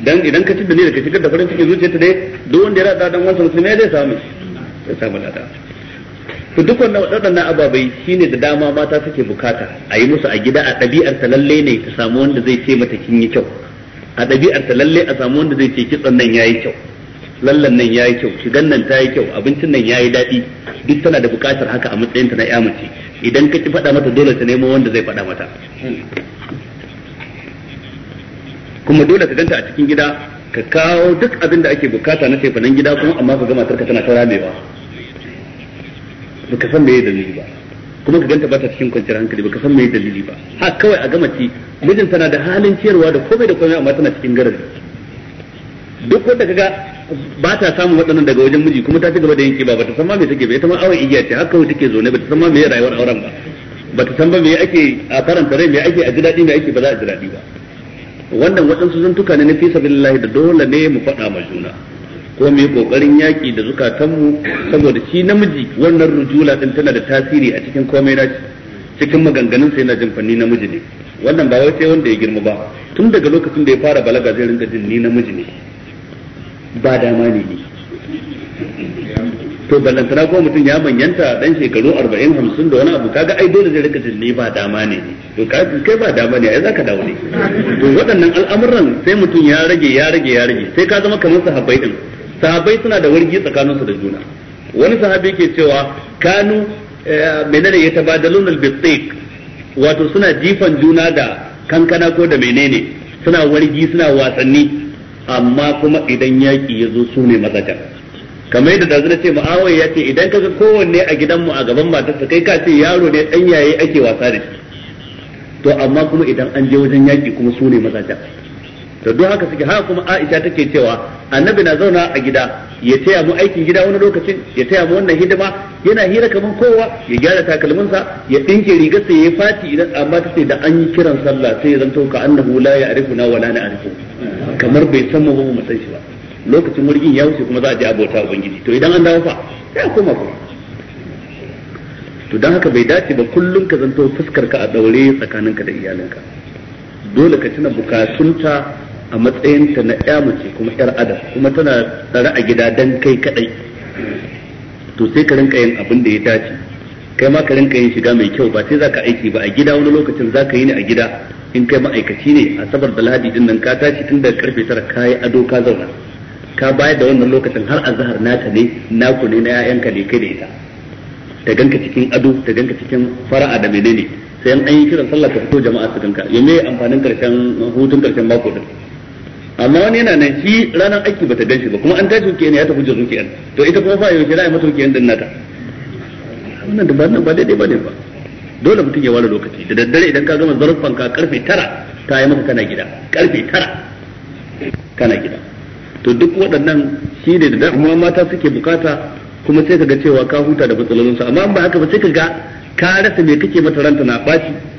dan idan ka ci da ne da ka shigar da farin cikin zuciyarta dai duk wanda ya rada dan su ne zai samu ya samu lada to duk wannan waɗannan ababai shine da dama mata suke bukata a yi musu a gida a ɗabi'ar ta lalle ne ta samu wanda zai ce mata kin yi kyau a ɗabi'ar ta lalle a samu wanda zai ce kitson nan yayi kyau lallan nan yayi kyau shigan nan ta yi kyau abincin nan yayi daɗi duk tana da bukatar haka a matsayin ta na ya mace idan ka ki faɗa mata dole ta nemo wanda zai faɗa mata kuma dole ka ganta a cikin gida ka kawo duk abin da ake bukata na tefanen gida kuma amma ka ga matarka tana ta ramewa baka san meye dalili ba kuma ka ganta bata cikin kwanciyar hankali baka san meye dalili ba ha kawai a gama ci mijin tana da halin ciyarwa da komai da komai amma tana cikin garin duk wanda kaga ba ta samun waɗannan daga wajen miji kuma ta ci gaba da yanki ba bata san ma me take ba ita ma awai igiya ce haka kawai take zo ne bata san ma meye rayuwar auren ba bata san ba me ake a faranta rai me ake a ji daɗi me ake ba za a ji ba wannan waɗansu zantuka ne na fi sabilillahi da dole ne mu faɗa ma juna ko mu yi kokarin yaki da zukatanmu saboda shi namiji wannan rujula din tana da tasiri a cikin komai naci cikin maganganun sai na jin fanni namiji ne wannan ba wai sai wanda ya girma ba tun daga lokacin da ya fara balaga zai rinka jin ni namiji ne ba dama ne ni to ballantana ko mutum ya manyanta dan shekaru 40 50 da wani abu kaga ai dole zai rinka jin ni ba dama ne to kai ba dama ne ai zaka dawo ne to waɗannan al'amuran sai mutum ya rage ya rage ya rage sai ka zama kamar sahabbai din Sahabai suna da wargi tsakaninsu da juna wani sahabi ke cewa kanu eh, menene ya tabadalun albitiq wato suna jifan juna da kankana ko da menene suna wargi suna wasanni amma kuma idan yaki ya zo su ne kamar yadda da zuna ce ma'awai ya ce idan ka ga kowanne a gidanmu a gaban matarsa kai ka ce yaro ne ɗan yaye ake wasa da shi to amma kuma idan an je wajen yaki kuma su ne mazajen to don haka suke haka kuma Aisha take cewa annabi na zauna a gida ya taya mu aikin gida wani lokacin ya taya mu wannan hidima yana hira kaman kowa ya gyara takalminsa ya dinke rigar sa yayi fati idan amma tace da an yi kiran sallah sai ya zanto ka annahu la ya'rifuna wala na'rifu kamar bai san mu ba mu san shi ba lokacin murgin ya wuce kuma za a je abota ubangiji to idan an dawo fa sai koma kuma to dan haka bai dace ba kullun ka zanto fuskar ka a daure tsakaninka da iyalinka dole ka tuna bukatunta a matsayinta na ya mace kuma yar adam kuma tana tsare a gida dan kai kadai to sai ka rinka yin abin da ya dace kai ma ka rinka yin shiga mai kyau ba sai zaka aiki ba a gida wani lokacin zaka yi ne a gida in kai ma'aikaci ne a sabar da lahadi din nan ka tashi tun daga karfe tara ka yi ado ka zauna ka bayar da wannan lokacin har azhar naka ne naku ne na 'ya'yanka ne kai da ita ta ganka cikin ado ta ganka cikin fara'a da menene sai an yi kiran sallah ka fito jama'a su ganka ya me amfanin karshen hutun karshen mako din amma wani yana nan shi ranar aiki bata gan shi ba kuma an tashi rukiya ne ya tafi jin rukiya to ita kuma fa yaushe za'a yi mata rukiya din nata wannan da ba ba daidai ba ne ba dole mutum ya ware lokaci da daddare idan ka gama zarfan ka karfe tara ta yi maka kana gida karfe tara kana gida to duk waɗannan shi ne da dama mata suke bukata kuma sai ka ga cewa ka huta da matsalolinsu amma ba haka ba sai ka ga ka rasa me kake mata ranta na ɓaci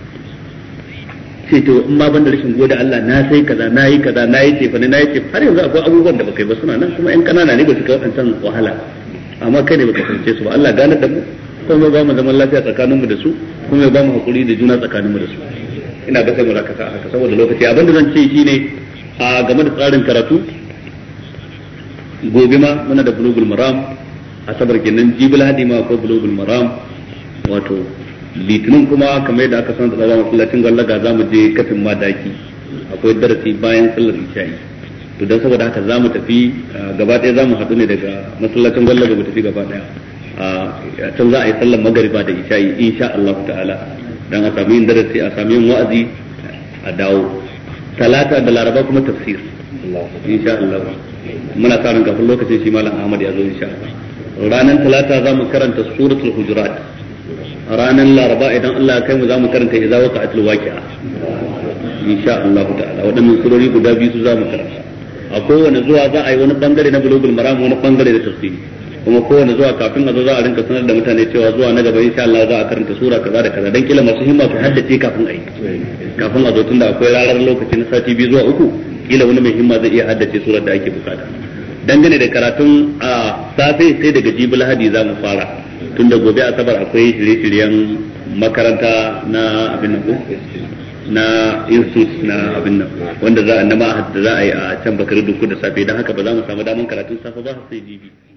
sai to in ma banda rashin gode Allah na sai kaza na yi kaza na yi tefa na yi tefa har yanzu akwai abubuwan da baka yi ba suna nan kuma yan kanana ne ba su kawo wahala amma kai ne baka fahimce su ba Allah gane da mu kuma ba mu zaman lafiya tsakanin mu da su kuma ba mu hakuri da juna tsakanin mu da su ina ga sai mu rakata haka saboda lokaci abin da zan ce shine a game da tsarin karatu gobe ma muna da bulugul maram asabar kenan jibil hadima ko bulugul maram wato litinin kuma kamar yadda aka san da tsara masallacin gallaga za mu je kafin madaki akwai darasi bayan sallar isha'i to dan saboda haka za mu tafi gaba ɗaya za mu haɗu ne daga masallacin gallaga mu tafi gaba ɗaya a can za a yi sallar magariba da isha'i insha Allah ta'ala dan a sami yin darasi a sami yin wa'azi a dawo talata da laraba kuma tafsir insha Allah muna sa ran kafin lokacin shi malam Ahmad ya zo insha Allah ranar talata za mu karanta suratul hujurat ranar laraba idan Allah kai mu za mu karanta waka waqa'atul waqi'a insha Allah ta'ala waɗannan surori guda biyu su za mu karanta a kowane zuwa za a yi wani bangare na bulugul maram wani bangare da tafsiri kuma kowane zuwa kafin a zo za a rinka sanar da mutane cewa zuwa na gaba insha Allah za a karanta sura kaza da kaza dan kila masu himma su haddace kafin a yi kafin a zo tunda akwai rarar lokaci na sati biyu zuwa uku kila wani mai himma zai iya haddace surar da ake bukata dangane da karatun a safe sai daga jibi hadi za mu fara tunda da gobe asabar akwai shirye-shiryen makaranta na abin nan na institute na abin nan wanda za a nama da za a yi a can bakar duku da safe don haka ba za mu samu damar karatun safe ba sai jibi